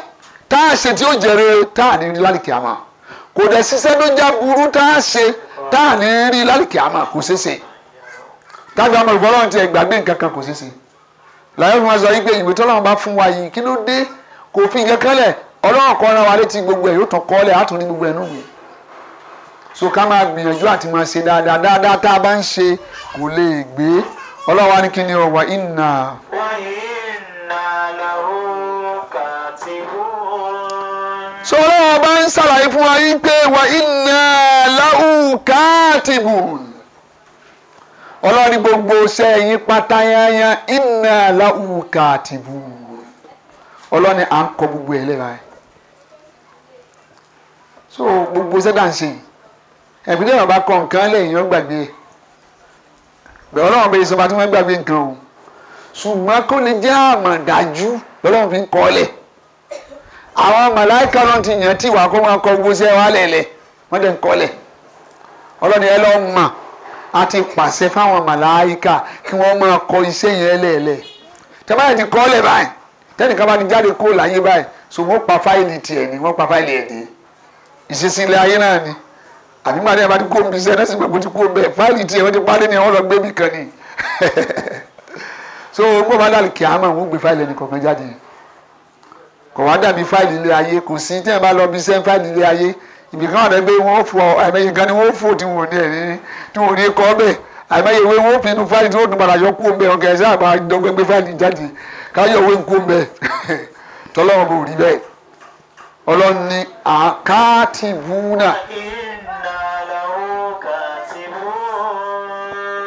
tá a ṣe tí ó jèrè tá a ní lálìkí àmà kò dẹ̀ ṣiṣẹ́ ló já burú tá a ṣe tá à rí lálùkì àmà kò sese tágbà àmọ̀ ìbọn ọlọ́run nǹkan kan kò sese làyọ̀ fún wa sọ wípé ìwé tọ́lọ́run bá fún wa yìí kí ló dé kò fi gbogbo ẹ̀ yóò tàn kọ́ àtún gbogbo ẹ̀ so ká máa gbìyànjú àti máa ṣe dáadáa dáadáa tá a bá ń ṣe kò lè gbé ọlọ́run ọ̀wà ìnà. hu katibun ọlọ́ni gbogbo sẹ́yìn pátá yányá iná lahu katibun ọlọ́ni à ń kọ gbogbo ẹ̀ lẹ́ra ẹ̀ so gbogbo sẹ́dá ń ṣe ẹ̀gbẹ́dẹ́ wọn bá kọ nǹkan lẹ́yìn wọn gbàgbé bẹ̀rẹ̀ ọlọ́run bẹ̀rẹ̀ sọ́ba tí wọ́n gbàgbé nǹkan o ṣùgbọ́n kó lè jẹ́ àmọ̀dájú lọ́lọ́run fi ń kọ́ lẹ̀ àwọn màláìka náà ti yàn tí wàá kó wọn kọ gbogbo sẹ́wàá lẹ̀lẹ̀ wọ́n dẹ̀ ń kọ́ lẹ̀ ọlọ́ni ẹ lọ́ọ́ mà á ti pàṣẹ fáwọn màláìka kí wọ́n máa kọ iṣẹ́ yẹn lẹ́ẹ̀lẹ́ tẹ́ báyìí ti kọ́ lẹ̀ báyìí tẹ́nìkan bá ti jáde kó láyé báyìí so wọ́n pa fáìlì tiẹ̀ ni wọ́n pa fáìlì ẹ̀ ni ìṣesí ilé ayé náà ni àbí màdé ẹ̀ bá ti kó omi iṣẹ́ náà sì gbàgbó ti kó omi ẹ̀ fáìlì tiẹ̀ wọ́n ti parí ni wọ́n lọ gbé mi kan ni <laughs> so wọ́n bá dàlù kíámà ibi kan àdẹ́gbé wọn fọ àìmọye nǹkan ni wọn fò tí wọn ní ẹ̀rí tí wọn ò ní kọ́ bẹ́ẹ̀ àìmọye ìwé wọn fi inú fáìlì tí wọn tún padà yọ kú ọbẹ̀ ọ̀gá ẹ̀sẹ̀ àbá dọ́gbẹ́gbé fáìlì jáde káyọ̀ owó nkú ọbẹ̀ <laughs> tọ́lọ́run bò rí bẹ́ẹ̀ ọlọ́run ní àkátìbúnà.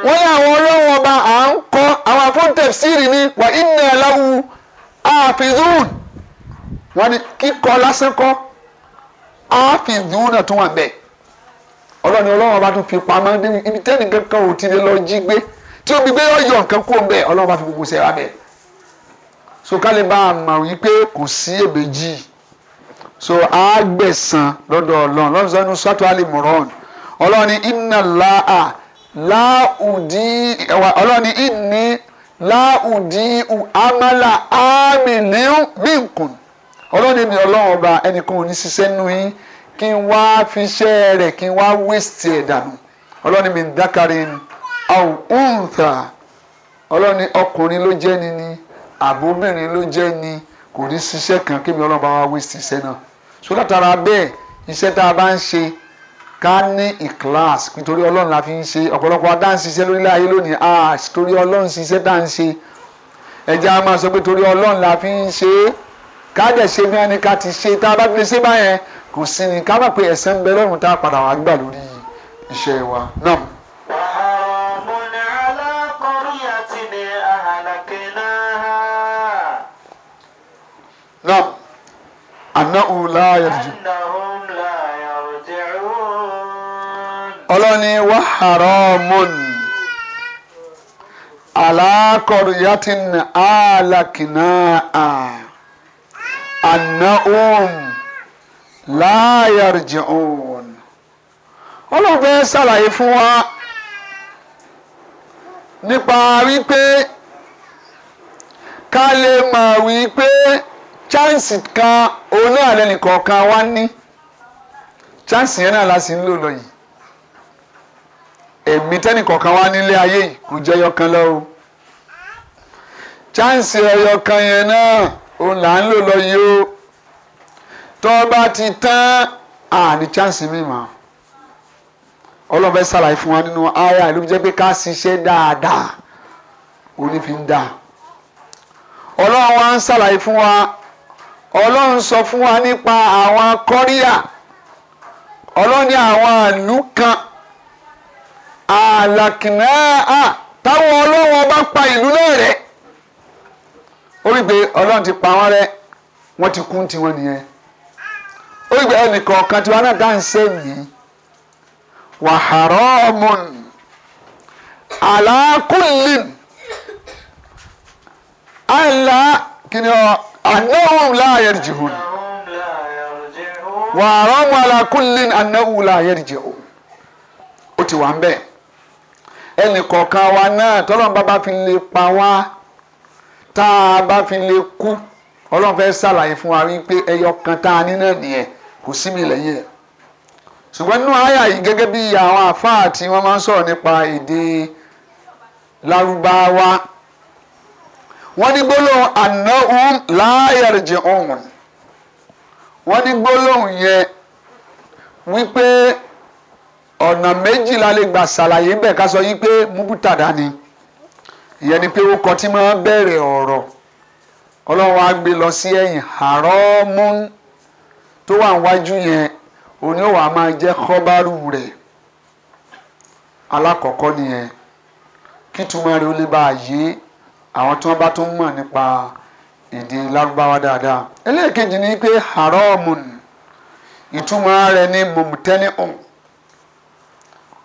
wọ́n ní àwọn ọlọ́run ọba à ń kọ́ àwọn afọ́ntẹ̀f sírì ni wà ìnà ẹ̀láwù àfìzún wọ́n ní kíkọ́ lásán kọ́ áfìdúnà tó wà bẹ́ẹ̀ ọlọ́run ni ọlọ́run bá tún fi pamọ́ ibi tẹ́nì kankan ò ti lè lọ jí gbé tí omi gbé yọ nǹkan kó bẹ́ẹ̀ ọlọ́run bá fi gbogbo sẹ́ra bẹ́ẹ̀ so ká lè bá a mọ̀ wípé kò sí èbèjì so a gbẹ̀san lọ́dọ̀ ọlọ́run lọ́dọ̀ sọ́nu sọ́tò alimọ̀rán ọlọ́run ni inna láà láùdí ọlọ́run ni ìní láùdí amala amìlíhùn bíǹkùn ọlọ́run ni ọlọ́run ọba ẹnìkan ò ní ṣiṣẹ́ nínú yín kí n wá fi iṣẹ́ rẹ̀ kí n wá wéṣì ẹ̀ dànù ọlọ́run mi dákàrin àwọn òǹtà ọlọ́run ọkùnrin ló jẹ́ ni ni àbóbìnrin ló jẹ́ ni kò ní ṣiṣẹ́ kan kí mi ọlọ́run bá wá wéṣì iṣẹ́ náà so látara bẹ́ẹ̀ iṣẹ́ tá a bá ń ṣe ká ní ìkíláàs nítorí ọlọ́run la fi ń ṣe ọ̀pọ̀lọpọ̀ adá lórílẹ̀ ayé lónìí àà torí ọlọ́run ṣiṣẹ́ tá à ń ṣe ẹ̀jẹ̀ a máa sọ pé torí ọlọ́run la fi ń ṣe é ká dẹ̀ ṣe bí wọn ni ká ti ṣe tá a bá ti lè ṣe báyẹn kò sí ni ká mọ̀ pé ẹ̀sẹ̀ ń bẹ lọ́rùn tá a padà wá gbà lórí iṣẹ́ wa náà. anahu la yarji. Ọlọ́ni wà haramun alákọ̀rìyàtìn alákìnnáà annahum la yarji'un ọlọ́run fẹ́ ṣàlàyé fún wa nípa wípé ká lè mọ̀ wípé chance kan òun náà lẹ́nìkọ̀ọ̀kan wá ní chance yẹn náà la sì ń lò lọ yìí èmi tẹ́nìkọ̀ọ̀kan wá nílé ayé yìí kò jẹ́ yọkan lọ chance ẹyọkan yẹn náà òun là ń lò lọ yìí o tó bá ti tán àní chance mi mọ́ ọlọ́run fẹ́ ṣàlàyé fún wa nínú ara ìlú jẹ́ pé ká ṣiṣẹ́ dáadáa òní fi ń dà ọlọ́run wa ń ṣàlàyé fún wa ọlọ́run sọ fún wa nípa àwọn kọ́ríà ọlọ́run ní àwọn ìlú kan àlàkìnnà táwọn ọlọ́run ọba pa ìlú náà rẹ̀ ó rí i pé ọlọ́run ti pa wọ́n rẹ́ wọ́n ti kún tiwọn nìyẹn ó rí i pé ẹnìkọ̀ọ̀kan tiwọn náà la ala kullin la ó ti wà ń bẹ́ẹ̀ wa náà tọ́lọ́mùbá bá fi lè tá a bá fi lè kú ọlọ́run fẹ́ ṣàlàyé fún wa wípé ẹyọ kan tá a ní náà nìyẹn kò sí mi lẹ́yìn ẹ̀ ṣùgbọ́n nínú àyà yìí gẹ́gẹ́ bí àwọn àfáà tí wọ́n máa ń sọ̀rọ̀ nípa èdè lárúbáwá wọ́n ní gbólóhùn ànáhùn láyàrìjì ọ̀hún wọ́n ní gbólóhùn yẹn wípé ọ̀nà méjìlá lè gbà ṣàlàyé bẹ́ẹ̀ ká sọ yí pé múbútàdá ni. ìyẹn ni pé ó kọ tí máa bẹ̀rẹ̀ ọ̀rọ̀ ọlọ́run wa gbé lọ sí ẹ̀yìn àrọ́mú tó wà níwájú yẹn òní ò wá máa jẹ́ kọ́bárù rẹ̀ alákọ̀ọ́kọ́ nìyẹn kí túmọ̀ rẹ̀ ó lè bá a yé àwọn tí wọ́n bá tún mọ̀ nípa èdè lárúbáwá dáadáa ẹlẹ́ẹ̀kejì ni pé àrọ́mù ìtumọ̀ rẹ̀ ní mọ̀mùtẹ́ni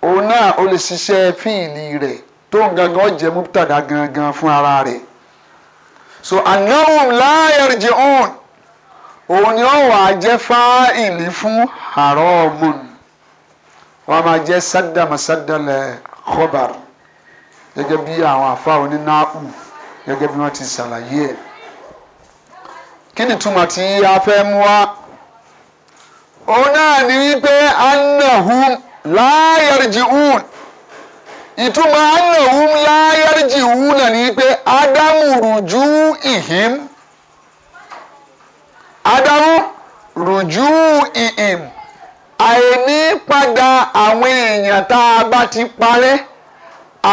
òun náà ó lè ṣiṣẹ́ fíìlì rẹ̀ tó gangan jẹ́ mubtada gangan fún ara rẹ̀ so anahum la yarji'un òun ni ó wàá jẹ́ fáìlì fún haramun wọ́n máa jẹ́ sádàmásádàlẹ̀ khabar gẹ́gẹ́ bí àwọn àfa onínáàkù gẹ́gẹ́ bí wọ́n ti ṣàlàyé ẹ̀ kí ni túmọ̀ tí a fẹ́ mú wá òun náà ni wípé anahum la yarji'un ìtumọ̀ anáwó láyárìjì wú náà ni pé ádámù rùjú ìhìm ádámù rùjú ìhìm àìní padà àwọn èèyàn tá a bá ti parẹ́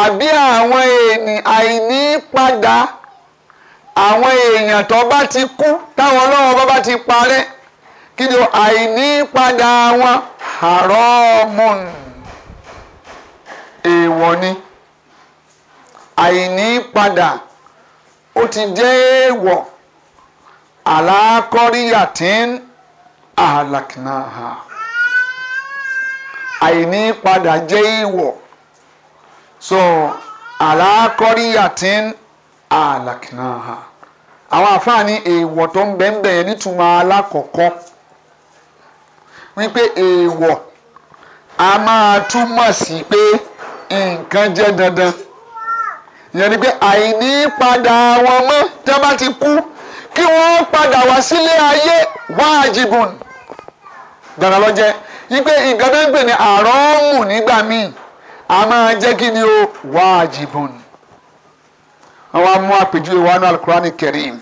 àbí àwọn èèyàn àìní padà àwọn èèyàn tó bá ti kú táwọn ọlọ́wọ́ bá bá ti parẹ́ kí ni àìní padà wọn haramun èèwọ̀ ni àìní padà ó ti jẹ́ èèwọ̀ àlàkọ́ríyà tí ń àlàkìnà àìní padà jẹ́ èèwọ̀ so àlàkọ́ríyà tí ń àlàkìnà ha àwọn àfáàní èèwọ̀ tó ń bẹ́ńbẹ́ yẹn nítumọ̀ alákọ̀ọ́kọ́ wípé èèwọ̀ a máa túmọ̀ sí pé. Si nǹkan jẹ́ dandan ìyẹn ni pé àìní padà wọn mọ́ tí wọ́n bá ti kú kí wọ́n padà wá sílé ayé wájibùn dandan ló jẹ́ ipe nǹkan tó ń pè ní àrọ́ọ̀mù nígbà míì a máa jẹ́ kí ni o wájibùn wọ́n wá mú àpèjúwe wa ní alukurani kẹrim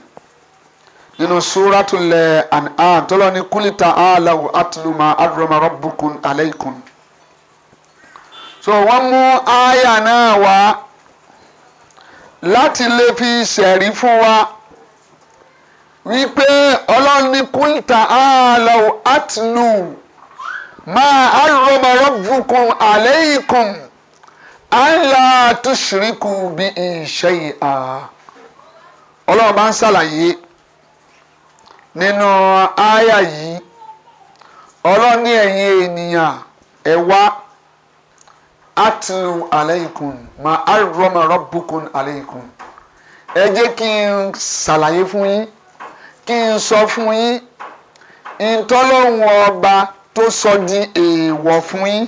nínú súrátulẹ̀ an'am tọ́lọ́ ní kúlítà aláwọ̀ àtìlùmọ̀ àdúrọ̀mọ̀ rọ́bùkún aláìkún so wọ́n mú àyà náà wá láti lè fi ṣẹ̀rí fún wa wípé ọlọ́ni kúlìtà àlọ́ àtìnú máa àrùbọ̀ rọ́bùkún àlẹ́yìnkùn àńlá tùṣìríkù bí ìṣe ìhà ọlọ́run bá ń ṣàlàyé nínú àyà yìí ọlọ́ni ẹ̀yin ènìyàn ẹ̀ wá. E atlu aleikum ma aroma rabbukum aleikum ẹ jẹ́ kí n ṣàlàyé fún yín kí n sọ fún yín ntọ́lọ́hún ọba tó sọ di èèwọ̀ fún yín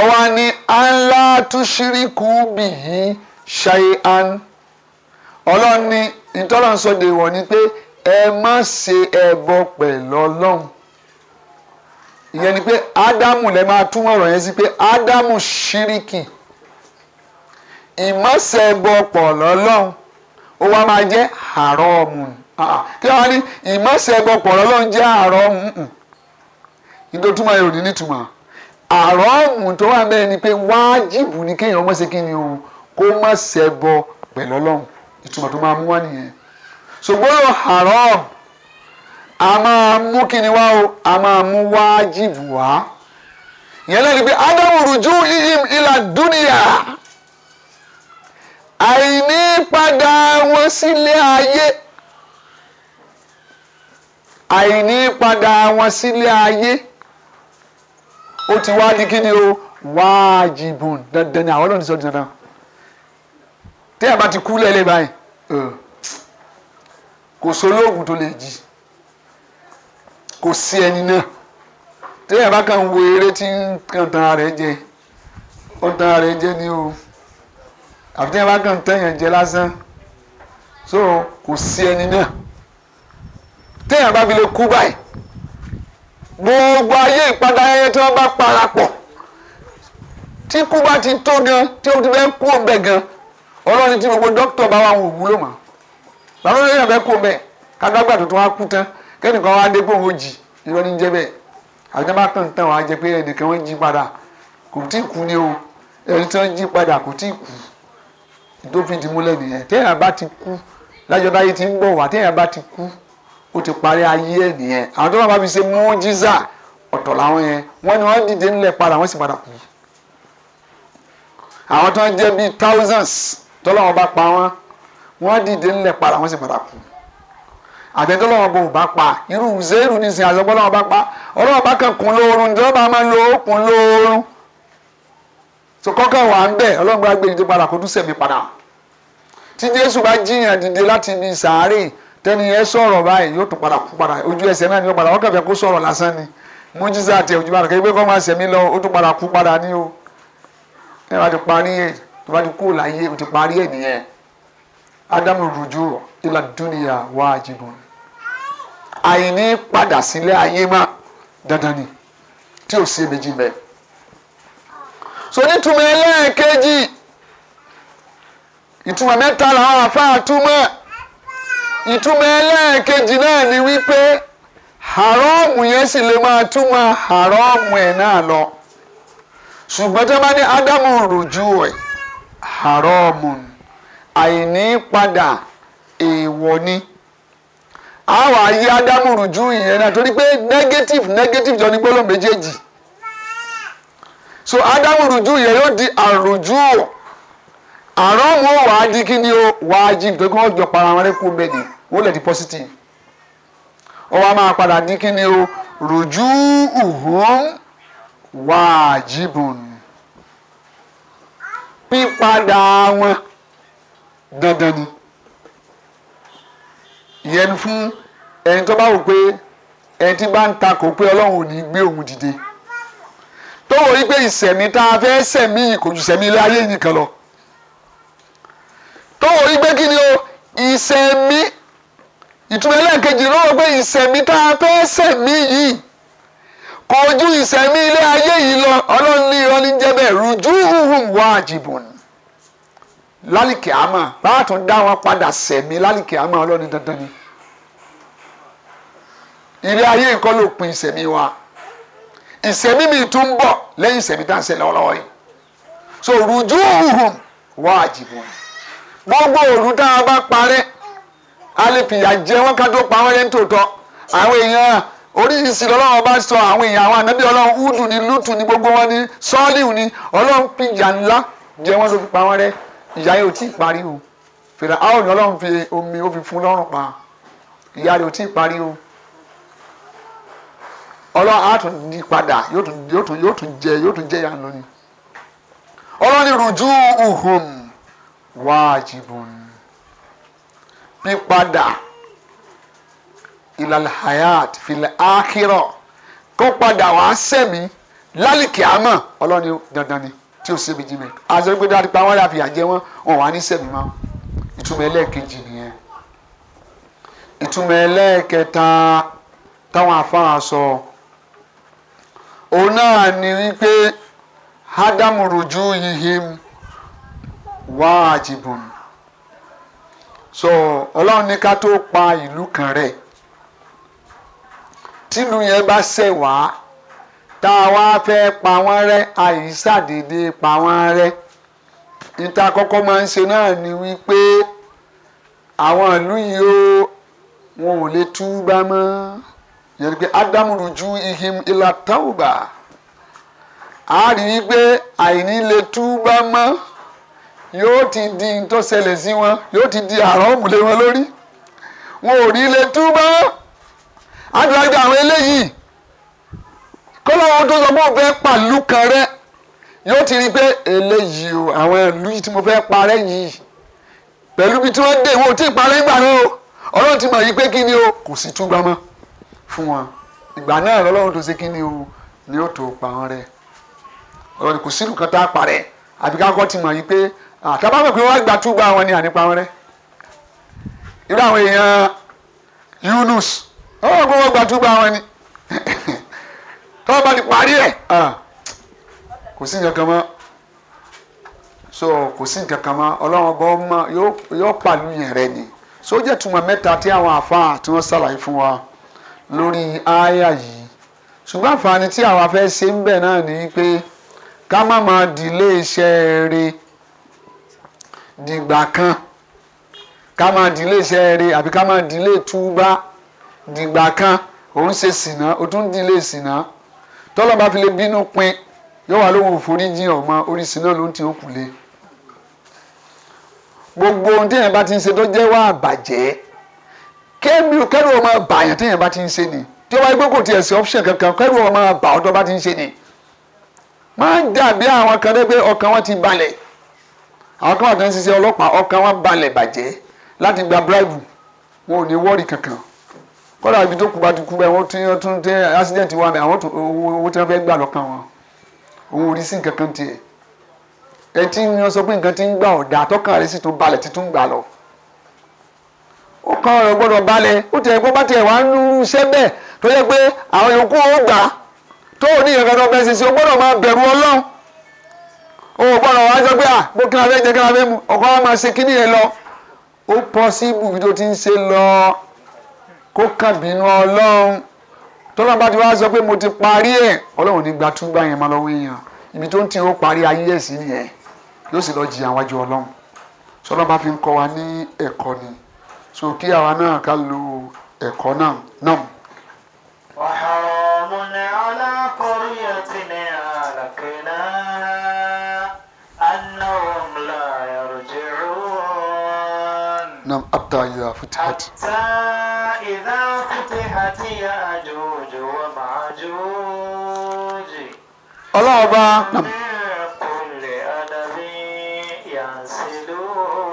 ọwọ́ ni anla tushiriku bihi shay'an ọlọ́run ni ntọ́lọ́hún sọ di èèwọ̀ ni pé ẹ má ṣe ẹbọ pẹ̀lú ọlọ́run ìyẹn ni pé ádámù lẹ máa tún ọ̀rọ̀ yẹn sí pé ádámù ṣíríkì ìmọ̀sẹ̀bọpọ̀ lọ́lọ́run ó wá máa jẹ́ àrọ́ọ̀mù ah, ah. kí wọ́n á ní ìmọ̀sẹ̀bọpọ̀ lọ́lọ́run jẹ́ àrọ́ọ̀mù nítorí hmm. túmọ̀ yóò ní nítumọ̀ àrọ́ọ̀mù tó wà bẹ́ẹ̀ ni pé wájìbù ni kéèyàn mọ̀ ṣe kí ni o kó mọ̀ pẹ̀lú ọlọ́run ìtumọ̀ tó máa mú wá nìyẹn ṣùgbọ́n àrọ́ọ̀mù a máa mú kíni wá o a máa mú wájìbù wá ìyẹn lẹ́nu pé ádámù rùjú yíyí ìlà dúnìyà àìní padà wọn sílé ayé àìní padà wọn sílé ayé ó ti wá di kíni o wájìbù dandan ni àwọn olóòní sọ dandan tí ẹ bá ti kú lẹ́lẹ́ báyìí kò sólóògùn tó lè jí kò sí ẹni náà téèyàn bá kàn ń wo eré tí kàn tan ara rẹ̀ jẹ ó tan ara rẹ̀ jẹ ni o àfi téèyàn bá kàn ń tẹ̀yàn jẹ lásán so kò sí ẹni náà téèyàn bá fi lè kú báyìí gbogbo ayé ìpadà ayẹyẹ tí wọ́n bá parapọ̀ tí kú bá ti tó gan tí o ti fẹ́ kú ọbẹ̀ gan ọlọ́run tí gbogbo dókítà bá wà wò wúlò mọ́ bàbá olóyè náà fẹ́ kú ọbẹ̀ kágbàgbà tó tó wá kú tán kẹ́nìkan wá dé pé òun ó jí irọ́ ní jẹ́ bẹ́ẹ̀ àjọ bá kàn tán wàá jẹ pé ẹnìkan wọ́n jí padà kò tí ì kú ni o ẹni tí wọ́n jí padà kò tí ì kú tó fi di múlẹ̀ nìyẹn téèyàn bá ti kú lájọ báyìí ti ń bọ̀ wá téèyàn bá ti kú ó ti parí ayé ẹ̀ nìyẹn àwọn tó bá fi ṣe mú jíza ọ̀tọ̀ làwọn yẹn wọ́n ni wọ́n dìde ńlẹ̀ padà wọ́n sì padà kú àwọn tó ń jẹ́ bíi thousands tọ́lọ́wọ́n bá pa wọ́n wọ́n dìde ńlẹ̀ padà wọ́n sì padà kú. àgbẹ̀tọ́ lọ́wọ́ bò bá pa irú zéèrù nísìnyí àzọ́gbọ́n lọ́wọ́ bá pa ọlọ́wọ́ bá kàn kun lóorun ìjọba máa ń lo okùn lóorun tó kọ́kọ́ wà ń bẹ̀ ọlọ́run bá gbé ìdí padà kó tún sẹ̀mí padà tí Jésù bá jiyàn dìde láti ibi sàárè ẹ sọ̀rọ̀ báyìí yóò tún padà padà ojú ẹsẹ̀ náà ni yóò padà wọ́n kẹfẹ́ kó sọ̀rọ̀ lásán ni mújísà ojú padà kẹ́gbẹ́ lọ ó tún padà padà ní ẹ bá ti parí ẹ tó bá ti kú láyé àìní padà sílé ayé má dandan ni tí ò sí méjì mẹ́. so nítumọ̀ ẹlẹ́ẹ̀kejì ìtumọ̀ mẹ́ta làwọn àfáà túmọ̀ ìtumọ̀ ẹlẹ́ẹ̀kejì náà ni wípé haramu yẹn sì lè máa túmọ̀ haramu ẹ̀ náà lọ ṣùgbọ́n tí wọ́n bá ní ádámù rùjú ẹ̀ haramu àìní padà èèwọ̀ ni. E a wà yí ádámù rùjú ìyẹn náà torí pé negative negative jọ ní gbólóhùn méjèèjì so ádámù rùjú ìyẹn yóò di àrùjú o àrùn wọn wà á di kí ni o wà jí nítorí wọn jọ para wọn lẹkọọ mẹni wọn lè di positive ọwọ a máa padà di kí ni o rùjú ùhún jí bùn pípadà wọn dandan yẹn ni fún ẹni tó bá wò pé ẹni tí bá ń kò pé ọlọ́run ò ní gbé òun dìde tó wò yí pé ìsẹ̀mí tá a fẹ́ sẹ̀mí kò ju sẹ̀mí ilé ayé yìí kan lọ tó wò yí pé kí ni o ìsẹ̀mí ìtumọ̀ ẹlẹ́ẹ̀kejì ló wọ pé ìsẹ̀mí tá a fẹ́ sẹ̀mí yìí kò ju ìsẹ̀mí ilé ayé yìí lọ ọlọ́run ní irọ́ jẹ́ bẹ́ẹ̀ rújú hùhùn wájibùn lálìkè àmà báà tún dá wọn padà sẹ̀mí lálìkè àmà ọlọ́ni dandan ni ilé ayé nǹkan ló pin wa ìsẹ̀mí mi tún bọ̀ lẹ́yìn ìsẹ̀mí tá à ń yìí so rújú òhùn wá àjìbò gbogbo òru tá a bá parẹ́ ká tó pa tòótọ́ àwọn èèyàn sọ àwọn èèyàn àwọn ọlọ́run húdù ni gbogbo wọn ni ni ọlọ́run ńlá ìyá yẹn ò tí ì parí o fèrè àwọn ènìyàn ọlọ́run fi omi ó fi fún lọ́rùn pa ìyá rẹ̀ ò tí ì parí o ọlọ́run á tún ní padà yóò tún yóò tún yóò tún jẹ yóò tún jẹ ìyá lónìí ọlọ́run ní rújú uhum wájibun pípadà ìlànà hayat fìlẹ̀ ákírọ̀ kó padà wàá sẹ́mi lálìkí àmọ́ ọlọ́run dandan ni tí ó ṣebi jí mi àṣẹ pé dáadé pa wọn rà fìyà jẹ wọn wọn wà ní sẹbi mọ ìtumọ̀ ẹlẹ́ẹ̀kejì nìyẹn ìtumọ̀ ẹlẹ́ẹ̀kẹta táwọn afáà sọ òun náà ni wípé ádámù rújú yìhìm wájibùn so ọlọ́run ní ká tó pa ìlú kan rẹ̀ tìlú yẹn bá ṣẹ̀ wá tá a wá fẹ́ pa wọ́n rẹ́ àìsàdédé pa wọ́n rẹ́ níta kọ́kọ́ máa ń ṣe náà ni wípé àwọn ìlú yìí ó wọn ò lè túbá mọ́ yẹn pé ádámù rújú ihim ìlà tàwùbà á rí i pé àìní lè túbá mọ́ yóò ti di tó ṣẹlẹ̀ sí wọn yóò ti di àrọ́ọ̀mù lé wọn lórí wọn ò rí lè túbá á dúró àwọn eléyìí. kọ́lọ́wọ́ tó sọ pé òun fẹ́ pàlú kan rẹ́ yóò ti rí i pé eléyìí o àwọn ìlú yìí tí mo fẹ́ parẹ́ yìí pẹ̀lú bí tí wọ́n dé ìwọ tí ì parẹ́ ìgbà náà o ọlọ́run ti mọ̀ yìí pé kí ni o kò sí túgbà mọ́ fún wọn ìgbà náà lọ́lọ́run tó ṣe kí ni o ni ó tó pa wọn rẹ́ ọlọ́run kò sílùú kan tá a parẹ́ àbí kákọ́ ti mọ̀ yìí pé àtàbàbọ̀ pé wọ́n gbà túgbà wọn ni ànípa wọn rẹ́ irú àwọn èèyàn Yunus ọ̀rọ̀ pé wọ́n gbà túgbà wọn ni tọ́wọ́ bá ti parí ẹ̀ kò sí nǹkan kan mọ́ so kò sí nǹkan kan mọ́ ọlọ́run gbọ́ mọ́ yóò pàlú yẹn rẹ ni so jẹ́ tuma mẹ́ta tí àwọn àfáà tí wọ́n ṣàlàyé fún wa lórí àyà yìí ṣùgbọ́n àǹfààní tí àwọn afẹ́ ṣe ń bẹ̀ náà ni pé ká má máa dìlé iṣẹ́ rere dìgbà kan ká máa dìlé iṣẹ́ rere àbí ká máa dìlé túbá dìgbà kan òun ṣe sìnà ó tún dìlé sìnà tọ́lọ́ bá fi lè bínú pin yóò wá lóhùn foríjì ọmọ oríṣi náà ló ń ti òkú lé gbogbo ohun téèyàn bá ti ń ṣe tó jẹ́ wá àbàjẹ́ kẹ́mi kẹ́rù ọmọ bàyàn téèyàn bá ti ń ṣe ni tí wọ́n gbé kò tiẹ̀ sí option kankan kẹ́rù ọmọ bà ọ́ tó bá ti ń ṣe ni máa ń dàbí àwọn kan dé pé ọkàn wọn ti balẹ̀ àwọn kan wà tó ń ṣiṣẹ́ ọlọ́pàá ọkàn wọn balẹ̀ bàjẹ́ láti gba bribe wọn ò ní wọ́ọ̀rì kankan kọ́dà ibi tó kú bá ti kú bẹ́ẹ̀ wọ́n tún tún tẹ accident wa mi àwọn owó tí wọ́n fẹ́ gbà lọ́kàn wọn òun ò rí sí nǹkan kan tiẹ̀ ẹ tí wọ́n sọ pé nǹkan ti ń gbà ọ̀dà àtọ́kàn rẹ̀ sì tún balẹ̀ títún gbà lọ ó kàn ọ̀rọ̀ gbọ́dọ̀ balẹ̀ ó tiẹ̀ kó bá tiẹ̀ wá ń lúrú iṣẹ́ bẹ́ẹ̀ tó yẹ pé àwọn yòókù ó gbà tó ò ní ìrẹ̀kẹ́ ọ̀bẹ ṣiṣẹ́ ó gbọ́dọ̀ máa bẹ̀rù Ọlọ́run ó gbọ́dọ̀ wá sọ pé à bó kí n abẹ́ jẹ kí n abẹ́ mu ọkọ̀ wa máa ṣe kíní yẹn lọ ó pọ̀ sí ibùdó tí ń ṣe lọ kó kàn bínú ọlọ́run tọ́lọ́n bá ti wá sọ pé mo ti parí ẹ̀ ọlọ́run ní gba túgbà yẹn máa lọ́wọ́ èèyàn ibi tó ń tì ó parí ayé ẹ̀ sí nìyẹn yóò sì lọ jìyà wájú ọlọ́run sọlọ́n bá fi ń kọ́ wa ní ẹ̀kọ́ ni so kí àwa náà ká lo ẹ̀kọ́ náà náà. وحرام على قرية أهلكناها أنهم لا يرجعون نعم حتى إذا فتحت حتى إذا فتحت يأجوج ومعجوج الله أبا نعم كل أدب ينسلون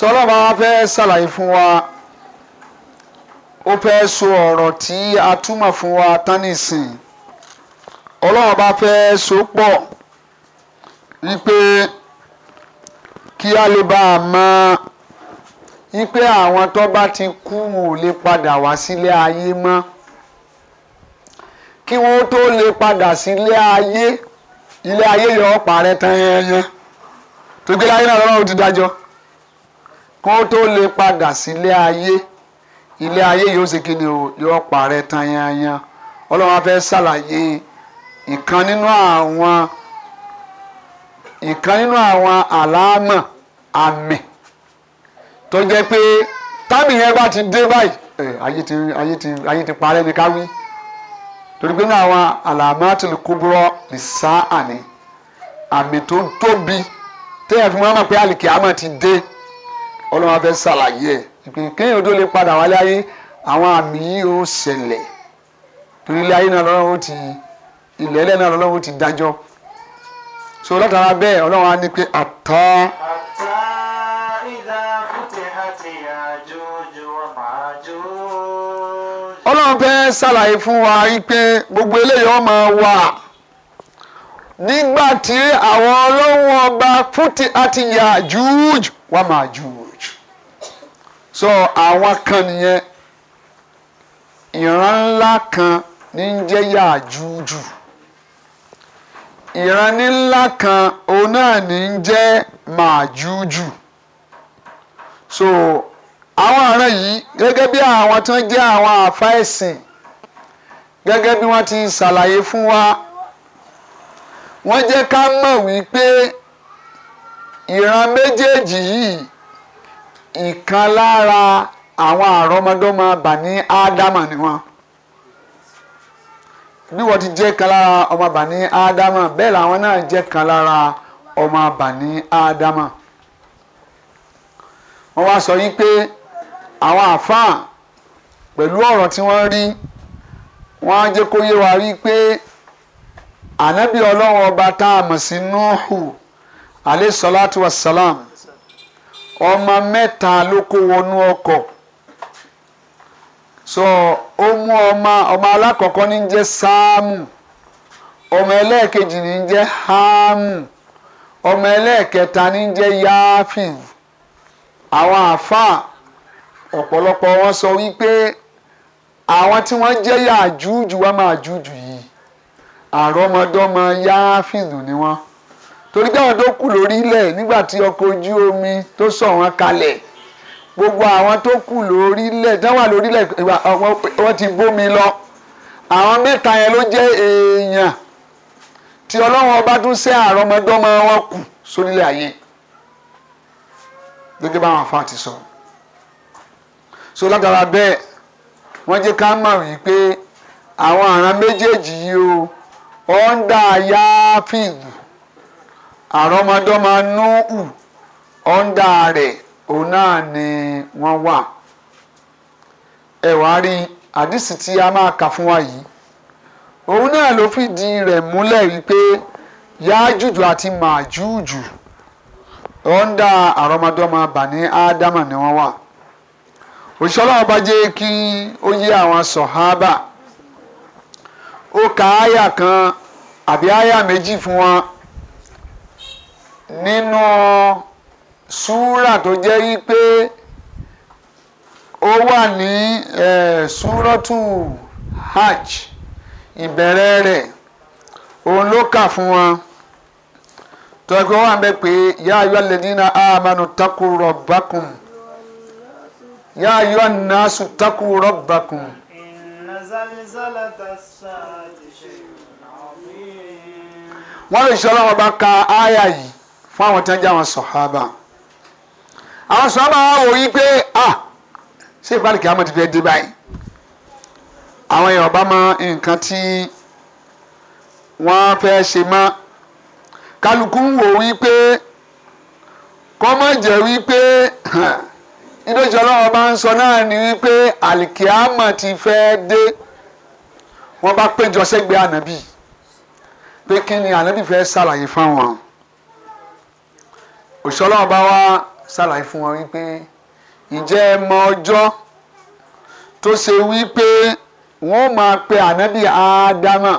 sọlá máa fẹ́ ṣàlàyé fún wa ó fẹ́ sọ ọ̀rọ̀ tí a túmọ̀ fún wa tán nìsín ọlọ́run bá fẹ́ so pọ̀ wípé kí a lè bá a máa wípé àwọn tó bá ti kú wọn ò lè padà wá sílé ayé mọ́ kí wọ́n tó lè padà sílé ayé ilé ayé yọ parẹ́ tán yẹnyẹn tó gbé láyé náà lọ́wọ́ ti dájọ́ kí wọ́n tó lè padà sílé ayé ilé ayé yóò ṣe kí ni o yọ parẹ́ tán ọlọ́run á ṣàlàyé ìkan nínú àwọn ìkan nínú àwọn àlámọ̀ àmì tó jẹ́ pé tábì yẹn bá ti dé báyìí ayé ti ayé ti ayé ti parẹ́ ni ká wí torí pé náà àwọn àlàmátìlì kúburọ lè sá àní àmì tó tóbi téèyàn fi mọ́ pé àlìkè àmọ́ ti dé ọlọ́run afẹ́ ṣàlàyé ẹ̀ pé kéèyàn tó lè padà wálé ayé àwọn àmì yìí ó ṣẹlẹ̀ torí ilé ayé náà lọ́wọ́ ti ilẹ̀ ẹlẹ́ náà lọ́wọ́ ti dájọ́ so látara bẹ́ẹ̀ ọlọ́run á ní pé àtọ́. ọlọ́run fẹ́ ṣàlàyé fún wa wípé gbogbo eléyìí ó máa wà nígbà tí àwọn ọlọ́run ọba fúti àti wà wa Májùj so àwọn kan nìyẹn ìran ńlá kan ní ń jẹ́ Yájùj ìran ńlá kan òun náà ní ń jẹ́ Májùj so. àwọn ọ̀ràn yìí gẹ́gẹ́ bí àwọn tó ń jẹ́ àwọn àfa ẹ̀sìn gẹ́gẹ́ bí wọ́n ti ṣàlàyé fún wa wọ́n jẹ́ ká mọ̀ wípé ìran méjèèjì yìí ìkan lára àwọn àrọ́mọdọ́mọ bani ádámà ni wọ́n bí wọ́n ti jẹ́ kan lára ọmọ bani ádámà bẹ́ẹ̀ làwọn náà jẹ́ kan lára ọmọ bani ádámà wọ́n wá sọ yìí pé. àwọn àfáà pẹ̀lú ọ̀rọ̀ tí wọ́n rí wọ́n á jẹ́ kó yé wa rí pé ànábì ọlọ́run ọba tá a mọ̀ sí Nuhu alayhi salatu ọmọ mẹ́ta ló kó wọnú ọkọ̀ so ó mú ọmọ ọmọ alákọ̀ọ́kọ́ ní jẹ́ sáàmù ọmọ ẹlẹ́ẹ̀kejì ní jẹ́ háàmù ọmọ ẹlẹ́ẹ̀kẹta ní jẹ́ yááfìn àwọn àfáà ọ̀pọ̀lọpọ̀ wọn sọ wípé àwọn tí wọ́n jẹ́ yàjújù wá máa jújù yìí àrọ́mọdọ́mọ yáfìdù ni wọ́n torí pé àwọn tó kù lórílẹ̀ nígbà tí ọkọ̀ ojú omi tó sọ wọn kalẹ̀ gbogbo àwọn tó kù lórílẹ̀ tí wọ́n wà lórílẹ̀ wọ́n ti bómi lọ àwọn mẹ́ta yẹn ló jẹ́ èèyàn tí ọlọ́run ọba tún ṣe àrọ́mọdọ́mọ wọn kù sórílẹ̀ ayé gẹ́gẹ́ báwọn afáà ti sọ̀rọ̀ so látara bẹ́ẹ̀ wọ́n jẹ́ ká mọ̀ wípé àwọn àrùn méjèèjì yìí o ọ̀ndà yáfìlù àrọ́mọdọ́mọ núhù ọ̀ndà rẹ̀ òun náà ni wọ́n wà ẹ wàá rí àdìsí tí a máa kà fún wa yìí òun náà ló fìdí rẹ̀ múlẹ̀ wípé yájújù àti màjújù ọ̀ndà àrọ́mọdọ́mọ bani ádámà ni wọ́n wà òṣìṣẹ́ ọlọ́run bá jẹ́ kí ó yé àwọn sọ̀hábà ó ka àyà kan àbí àyà méjì fún wọn nínú súrà tó jẹ́ wípé ó wà ní súrọ́tù hajj ìbẹ̀rẹ̀ rẹ̀ òun ló kà fún wọn tọ́jú wọn bẹ pé yá ayọ́ lẹ́dínà àmánú takùrọ̀ bákùn. يا أيها الناس اتقوا ربكم إن زلزلة الساعة شيء عظيم wọ́n lè ṣọlá ọba ka àyà yìí fún àwọn tí wọ́n jẹ́ àwọn sọ̀hábà àwọn sọ̀hábà wa wò yí pé a ṣé ìpàdé kìámọ̀ ti fẹ́ dé báyìí àwọn èèyàn ọba mọ nǹkan tí wọ́n fẹ́ ṣe mọ́ kálukú wò wí pé kọ́mọ̀jẹ̀ wí pé hàn nítorí ọlọ́run bá ń sọ náà ni wípé àlìkíámà ti fẹ́ dé wọ́n bá péjọ sẹ́gbẹ̀ẹ́ ànábì pé kí ni ànábì fẹ́ ṣàlàyé fáwọn òṣìṣẹ́ ọlọ́run bá wá ṣàlàyé fún wọn wípé ìjẹ́ ẹmọ ọjọ́ tó ṣe wípé wọ́n máa pe ànábì ádámà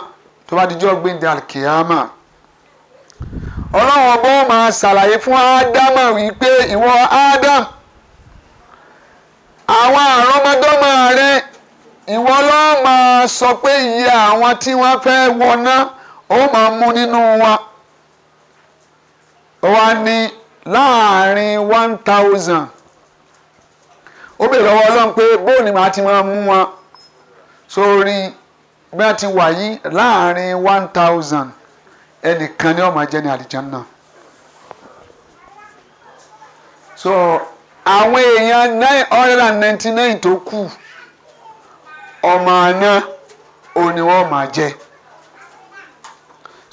tó bá dijọ́ gbẹ̀dẹ̀ àlìkíámà ọlọ́run ọba máa ṣàlàyé fún ádámà wípé ìwọ ádámà. àwọn àrọ́mọdọ́mọ rẹ ìwọ sọ pé iye àwọn tí wọ́n fẹ́ wọná ó máa mú nínú wa wa ní láàrin one thousand ó bèrè lọ́wọ́ ọlọ́run pé màá ti máa mú wọn sórí bí wọ́n ti wà yìí láàrin one thousand ẹnìkan ní àwọn èèyàn nine hundred and ninety nine tó kù ọmọ àná o ni máa jẹ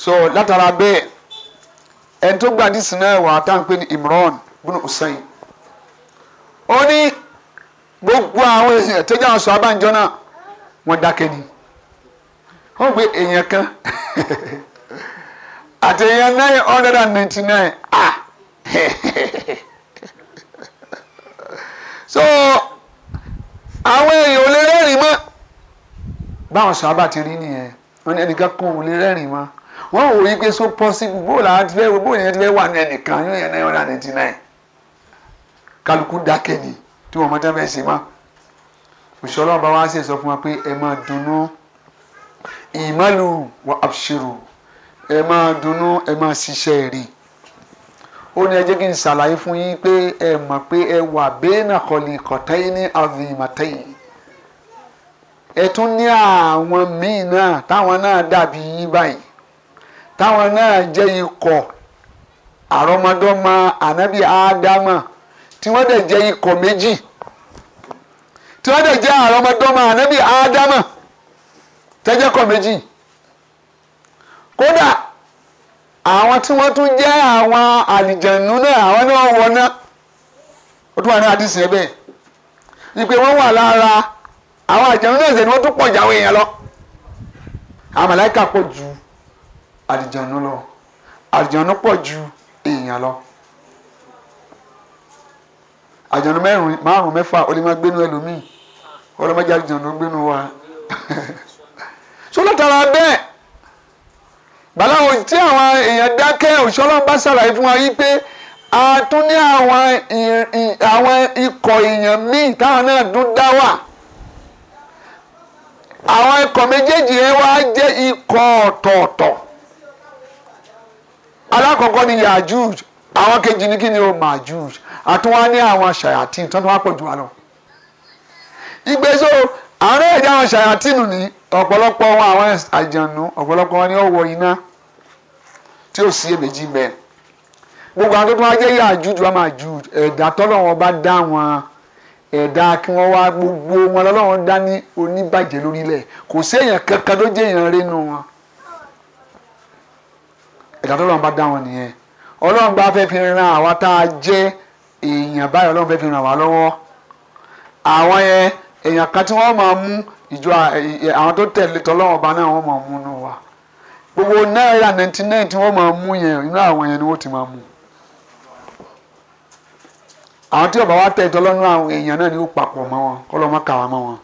so látara bẹ́ẹ̀ ẹni tó gba dis náà wà á tán pé ní Imran bùnú Hussein ó ní gbogbo àwọn èèyàn tó jáwọn sọ abáǹjọ náà wọ́n dákẹ́ ni wọ́n èèyàn kan <laughs> àti nine hundred ah <laughs> so àwọn èèyàn ò lè rẹ́rìn mọ́ báwọn sábà ti rí nìyẹn wọn ní ẹnìkan kan ò lè rẹ́rìn mọ́ wọn ò rí pé so possible bó làwọn ti fẹ́ wo bó yẹn ti fẹ́ wà ní ẹnìkan ní ẹ̀yẹn náírà ninety nine kálukú dákẹ́ ni tí wọ́n mọ́tẹ́ bẹ́ẹ̀ ṣe mọ́ òṣìṣẹ́ ọlọ́run bá wá sọ fún wa pé ẹ máa dunnú ìmọ̀lù wà abṣirù ẹ máa dunnú ẹ máa ṣiṣẹ́ rèé ó ní ẹ jẹ́ kí n ṣàlàyé fún yín pé ẹ mọ̀ pé ẹ wà bẹ́ẹ̀nà kọ̀lì kọ̀tẹ́yìn ní àvìmọ̀tẹ́yìn ẹ tún ní àwọn míì náà táwọn náà dàbí yín báyìí táwọn náà jẹ́ ikọ̀ àrọ́mọdọ́mọ ànábì ádámà tí wọ́n dẹ̀ jẹ́ ikọ̀ méjì tí wọ́n dẹ̀ jẹ́ àrọ́mọdọ́mọ ànábì ádámà tẹ́jẹ́kọ̀ méjì kódà àwọn tí wọ́n tún jẹ́ àwọn àlìjẹ̀nù náà àwọn náà wọ̀ náà ó tún wà ní àdìsí ẹ̀bẹ̀ ni pé wọ́n wà lára àwọn àlìjẹ̀nù náà ṣe ni wọ́n tún pọ̀ jáwé yẹn lọ àwọn màláìka pọ̀ ju àlìjẹ̀nù lọ àlìjẹ̀nù pọ̀ ju èèyàn lọ àjọ̀nù márùn mẹ́fà ó lè má gbénu ẹlòmíì ọlọ́mọdé àjọ̀nù gbénu wa so <laughs> látara bẹ́ẹ̀ gbàláwo tí àwọn èèyàn dákẹ́ òṣìṣẹ́ ọlọ́run bá ṣàlàyé fún wa yí pé a tún ní àwọn àwọn ikọ̀ èèyàn míì táwọn náà dún dá wà àwọn ikọ̀ méjèèjì yẹn wá jẹ́ ikọ̀ ọ̀tọ̀ọ̀tọ̀ alákọ̀ọ́kọ́ ni yajuj àwọn kejì ní kí ni o majuj àtúnwá ní àwọn ṣàyàtì tó ń wá pọ̀ jù wá lọ ìgbésò àárẹ̀ ìdá ṣàyàtì nù ní ọ̀pọ̀lọpọ̀ àwọn àjànú ọ̀pọ̀lọpọ̀ wọn ni ó wọ iná tí ò sí èméjì ń bẹ gbogbo àwọn tó tún wá jẹ́ yà jújù wá máa ju ẹ̀dá tọ́lọ́wọ́n bá dá wọn ẹ̀dá kí wọ́n wá gbogbo wọn lọ́lọ́wọ́n dá ní oníbàjẹ́ lórílẹ̀ kò sí èèyàn kankan tó jẹ́ èèyàn rẹ̀ nù wọn ẹ̀dá tọ́lọ́wọ́n bá dá wọn nìyẹn ọlọ́run bá fẹ́ fi ran àwa tá a jẹ́ èèyàn báyìí ọlọ́run fẹ́ fi ràn wá lọ́wọ́ àwọn yẹn èèyàn kan tí wọ́n máa mú ìjọ àwọn tó tẹ̀lé tọ́lọ́wọ́n ọba náà wọ́n máa mú nù wá gbogbo náírà ninety nine tí wọ́n máa mú yẹn inú àwọn yẹn ni wọ́n ti máa mú àwọn tí ọba wa tẹ ìtọ́lọ́nú àwọn èèyàn náà ni ó papọ̀ mọ́ wọn kọ́ lọ́ọ́ má kà wá mọ́ wọn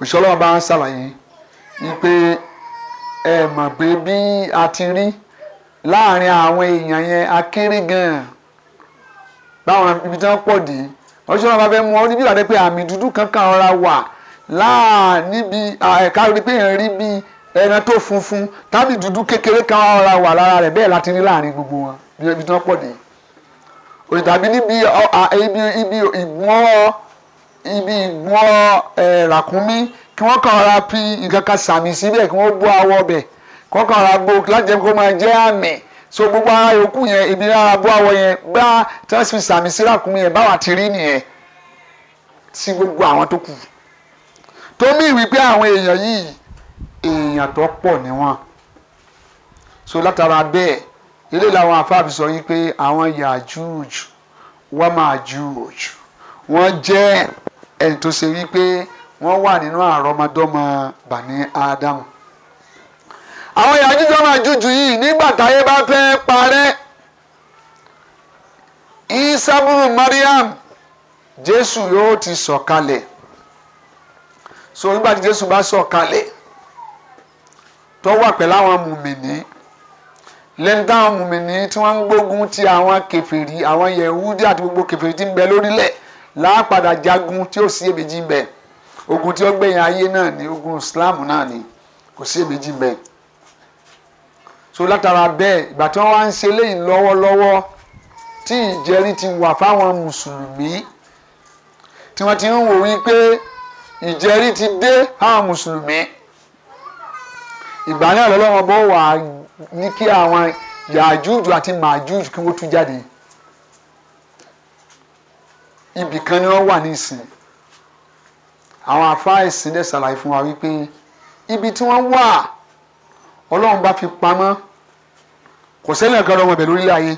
òṣìṣẹ́ ọlọ́wọ́ bá ń ṣàlàyé ni ẹ mọ̀ pé bí a ti rí láàrin àwọn èèyàn yẹn a kéré gan-an báwọn ibi tí wọ́n pọ̀ dé òṣìṣẹ́ ọlọ́wọ́ bá fẹ́ mú ọ níbi ìwádìí pé àmì dúdú kankan ọ̀ra wà láà níbi ẹ̀ka rí pé èèyàn rí bíi ẹran tó funfun tàbí dúdú kékeré kan ọ̀ra wà lára rẹ̀ bẹ́ẹ̀ láti rí láàrin gbogbo wọn bí ibi tí wọ́n pọ̀ dé òyìn tàbí níbi ibi ibi ìgbọ́n ibi ìgbọ́n ràkúnmí kí wọ́n kàn ra fi nǹkan kan sàmì síbẹ̀ kí wọ́n bó awọ ọbẹ̀ kí wọ́n kàn ra bo láti jẹ́ kó máa jẹ́ àmì so gbogbo ara yòókù yẹn ibi ara bó awọ yẹn bá tí wọ́n fi sàmì sí ràkúnmí yẹn báwa ti rí nìyẹn sí gbogbo àwọn tó kù tó mí wípé àwọn èèyàn yìí èèyàn tó pọ̀ ni wọ́n so látara bẹ́ẹ̀ ilé làwọn afáàbí sọ yìí pé àwọn Yajuj wa Majuj wọ́n jẹ́ ẹni tó ṣe wípé wọ́n wà nínú àrọ́mọdọ́mọ Bani Adam àwọn Yajuj wa Majuj yìí nígbà táyé bá fẹ́ parẹ́ isaburu Mariam Jésù yóò ti sọ̀kalẹ̀ so nígbà tí Jésù bá sọ̀kalẹ̀ tó wà pẹ̀lú àwọn mùmìnì lẹ́nu táwọn mùmìnì tí wọ́n ń gbógun ti àwọn kèfèrí àwọn yẹ̀húdí àti gbogbo kèfèrí tí ń bẹ lórílẹ̀ láàpadà jagun tí ó sí èméjì ń ogun tí ó gbẹ̀yìn ayé náà ni ogun Islam náà ni kò sí èméjì ń so látara bẹ́ẹ̀ ìgbà tí wọ́n wá ń ṣe léyìn lọ́wọ́lọ́wọ́ tí ìjẹ́rí ti wà fáwọn mùsùlùmí tí wọ́n ti ń wò wípé ìjẹ́rí ti dé fáwọn mùsùlùmí ìgbà náà lọ́lọ́wọ́ bó wà ní kí àwọn yàjújù àti màjújù kí wọ́n tún jáde ibì kan ni wọ́n wà ní ìsìn àwọn àfáà ìsìn dẹ̀ ṣàlàyé fún wa wípé ibi tí wọ́n wà ọlọ́run bá fi pamọ́ kò sẹ́ni ẹ̀ka ọmọ ibẹ̀ lórílẹ̀ ayé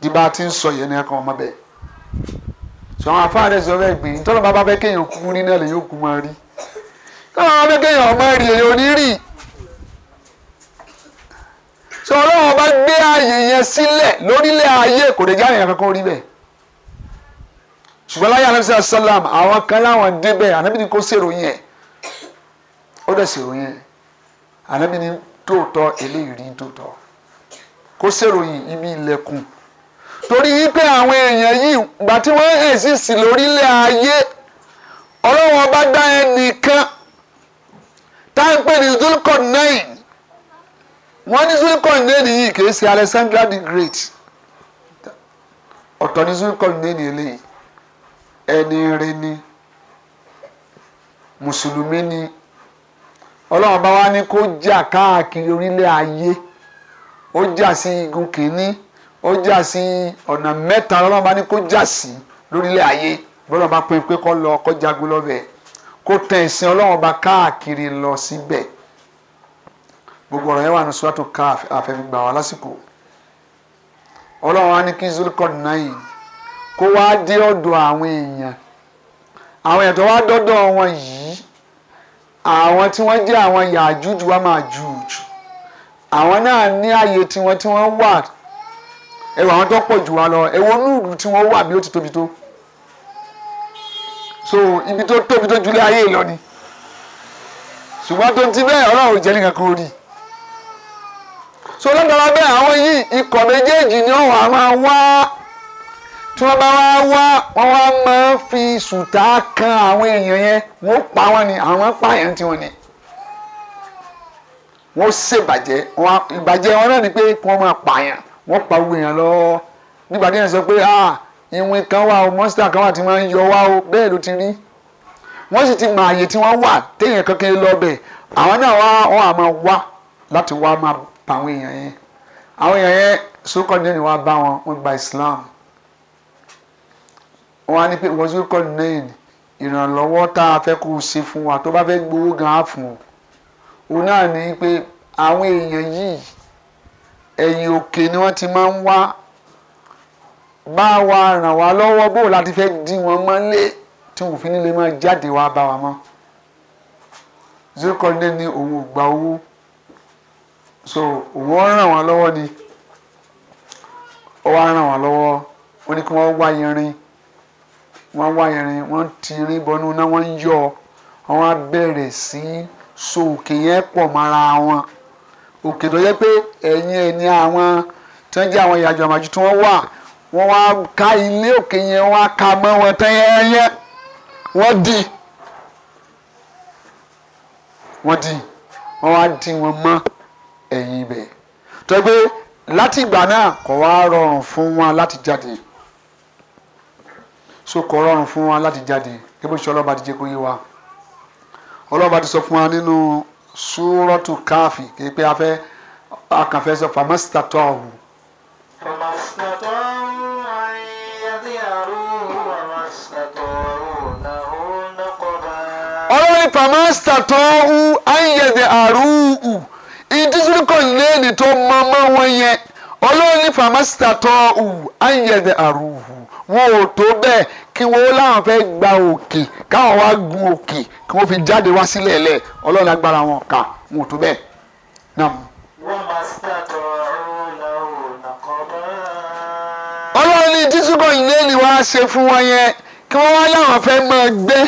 di bá a ti ń sọ yẹn ní ẹ̀ka ọmọ ibẹ̀ sọ àwọn àfáà dẹ̀ sọ bẹ́ẹ̀ gbé nítorí bàbá fẹ́ kéèyàn kú ní náà lè yóò kú máa rí káwọn bá kéèyàn ọmọ rí èyàn ò so ọlọ́run bá gbé ààyè yẹn sílẹ̀ lórílẹ̀ ayé kò lè jáde kankan kó rí bẹ́ẹ̀ ṣùgbọ́n láyé anabisa salam àwọn kan láwọn débẹ̀ anabi ni kò ṣèrò yẹn ó dẹ̀ ṣèrò yẹn anabi ni tóòtọ́ eléyìí rí tóòtọ́ kó ṣèrò ibi ilẹ̀kùn torí wípé àwọn èèyàn yìí gbà tí wọ́n ẹ̀sìsì lórílẹ̀ ayé ọlọ́run ọba dá ẹnìkan táǹpẹ̀ ní zulkọ̀ náírà wọ́n ní zulkondeni yìí kì ṣe Alexander the Great ọ̀tọ̀ ní zulkondeni eléyìí ẹni rẹ ni mùsùlùmí ni ọlọ́run bá wá ní kó jà káàkiri orílẹ̀ ayé ó jà sí igun kìíní ó jà sí ọ̀nà mẹ́ta ọlọ́run bá ní kó jà sí lórílẹ̀ ayé bọ́lá bá pè pé kó lọ kó jagun lọ́bẹ̀ kó tẹ̀ ọlọ́run bá káàkiri lọ síbẹ̀. Si gbogbo ọ̀rọ̀ yẹn wà ní sùràtù káf àfẹ́fígbà wa lásìkò ọlọ́run á ní kí zulukọ́d náyìn kó wá dé ọ̀dọ̀ àwọn èèyàn àwọn èèyàn tó wá dọ́dọ̀ wọn yìí àwọn tí wọ́n jẹ́ àwọn yàjújù wa máa jùjù àwọn náà ní ààyè tiwọn tí wọ́n wà ẹwà àwọn tó pọ̀ jù wá lọ ẹwọ onúùlù tí wọ́n wà bí ó ti tóbi tó so ibi tó tóbi tó jùlẹ̀ ayé lọ ni ṣùgbọ́n tó ti bẹ́ẹ̀ ọlọ́run ò jẹ́ nìkan kan rí i so lọ́gbàlá bẹ́ẹ̀ àwọn yìí ikọ̀ méjèèjì ni wọ́n wà máa wá tí wọ́n bá wá wá wọ́n wá máa fi sùtá kan àwọn èèyàn yẹn wọ́n pa wọ́n ni àwọn pààyàn tiwọn ni wọ́n ṣèbàjẹ́ ìbàjẹ́ wọn náà ni pé kí wọ́n máa pààyàn wọ́n pa gbogbo èèyàn lọ nígbà tí wọ́n sọ pé ah ìwìn kan wà o mọ́sítà kan wà tí wọ́n ń yọ wá o bẹ́ẹ̀ ló ti rí wọ́n sì ti mọ àyè tí wọ́n wà téèyàn kankan lọ bẹ̀ àwọn náà wá àmọ́ wá láti wá máa pa àwọn èèyàn yẹn àwọn èèyàn yẹn sókòdé ni wọ́n bá wọn wọ́n gba Islam wọ́n á ní pé wọ́n sókòdé ni ìrànlọ́wọ́ tá a fẹ́ kó o ṣe fún wa tó bá fẹ́ gbowó gan á fún o òun náà ní pé àwọn èèyàn yìí ẹ̀yìn òkè ni wọ́n ti máa ń wá bá wa ràn wá lọ́wọ́ bó láti fẹ́ dí wọn mọ́lé tí wọn ò fi ní lè máa jáde wá bá wa mọ́ zokọ́ndé ní òun ò gba owó so òun ràn wọ́n lọ́wọ́ ni ó wá ràn wọ́n lọ́wọ́ ó ní kí wọ́n wá irin wọ́n wá irin wọ́n ti irin bọnú náà wọ́n ń yọ wọ́n á bẹ̀rẹ̀ sí so òkè yẹn pọ̀ mọ́ra wọn òkè tó yẹ pé ẹ̀yìn ẹ̀ ní àwọn tí wọ́n jẹ́ àwọn ìyàjọ àmàjù tí wọ́n wà wọ́n wá ka ilé òkè yẹn wọ́n á ka mọ́ wọn tán yẹ́yẹ́ wọ́n di wọ́n di wọ́n wá di wọn mọ́ ẹ̀yìn ibẹ̀ tó yẹ pé láti ìgbà náà kò wá rọrùn fún wọn láti jáde so kò rọrùn fún wọn láti jáde kébù sọ ọlọ́ba ti jẹ́ kó yé wa ọlọ́ba ti sọ fún wa nínú súrọ́tù káàfì kéde pé a fẹ́ a kàn fẹ́ sọ famasta tó ọ̀hún. famasta tó ọ̀hún ayéyàdé àrùn tó ọ̀hún làwọn nàkọ́ba. ọlọ́run ìdísìrì kò léèdì tó mọ ọmọ wọn yẹn ọlọ́run ní fàmásítà tọ́ òwú ayẹ̀dẹ̀ àrùwù wọn ò tó bẹ́ẹ̀ kí wọ́n láwọn fẹ́ gba òkè káwọn wá gun òkè kí wọ́n fi jáde wá sílẹ̀ lẹ̀ ọlọ́run agbára wọn kà wọn ò tó bẹ́ẹ̀ náà. wọ́n máa ṣàtọ̀ ọ̀hún nàkọ́ bá. ọlọ́run ní jísù kan ìlérí wá ṣe fún wọn yẹn kí wọ́n wá láwọn fẹ́ máa gbẹ́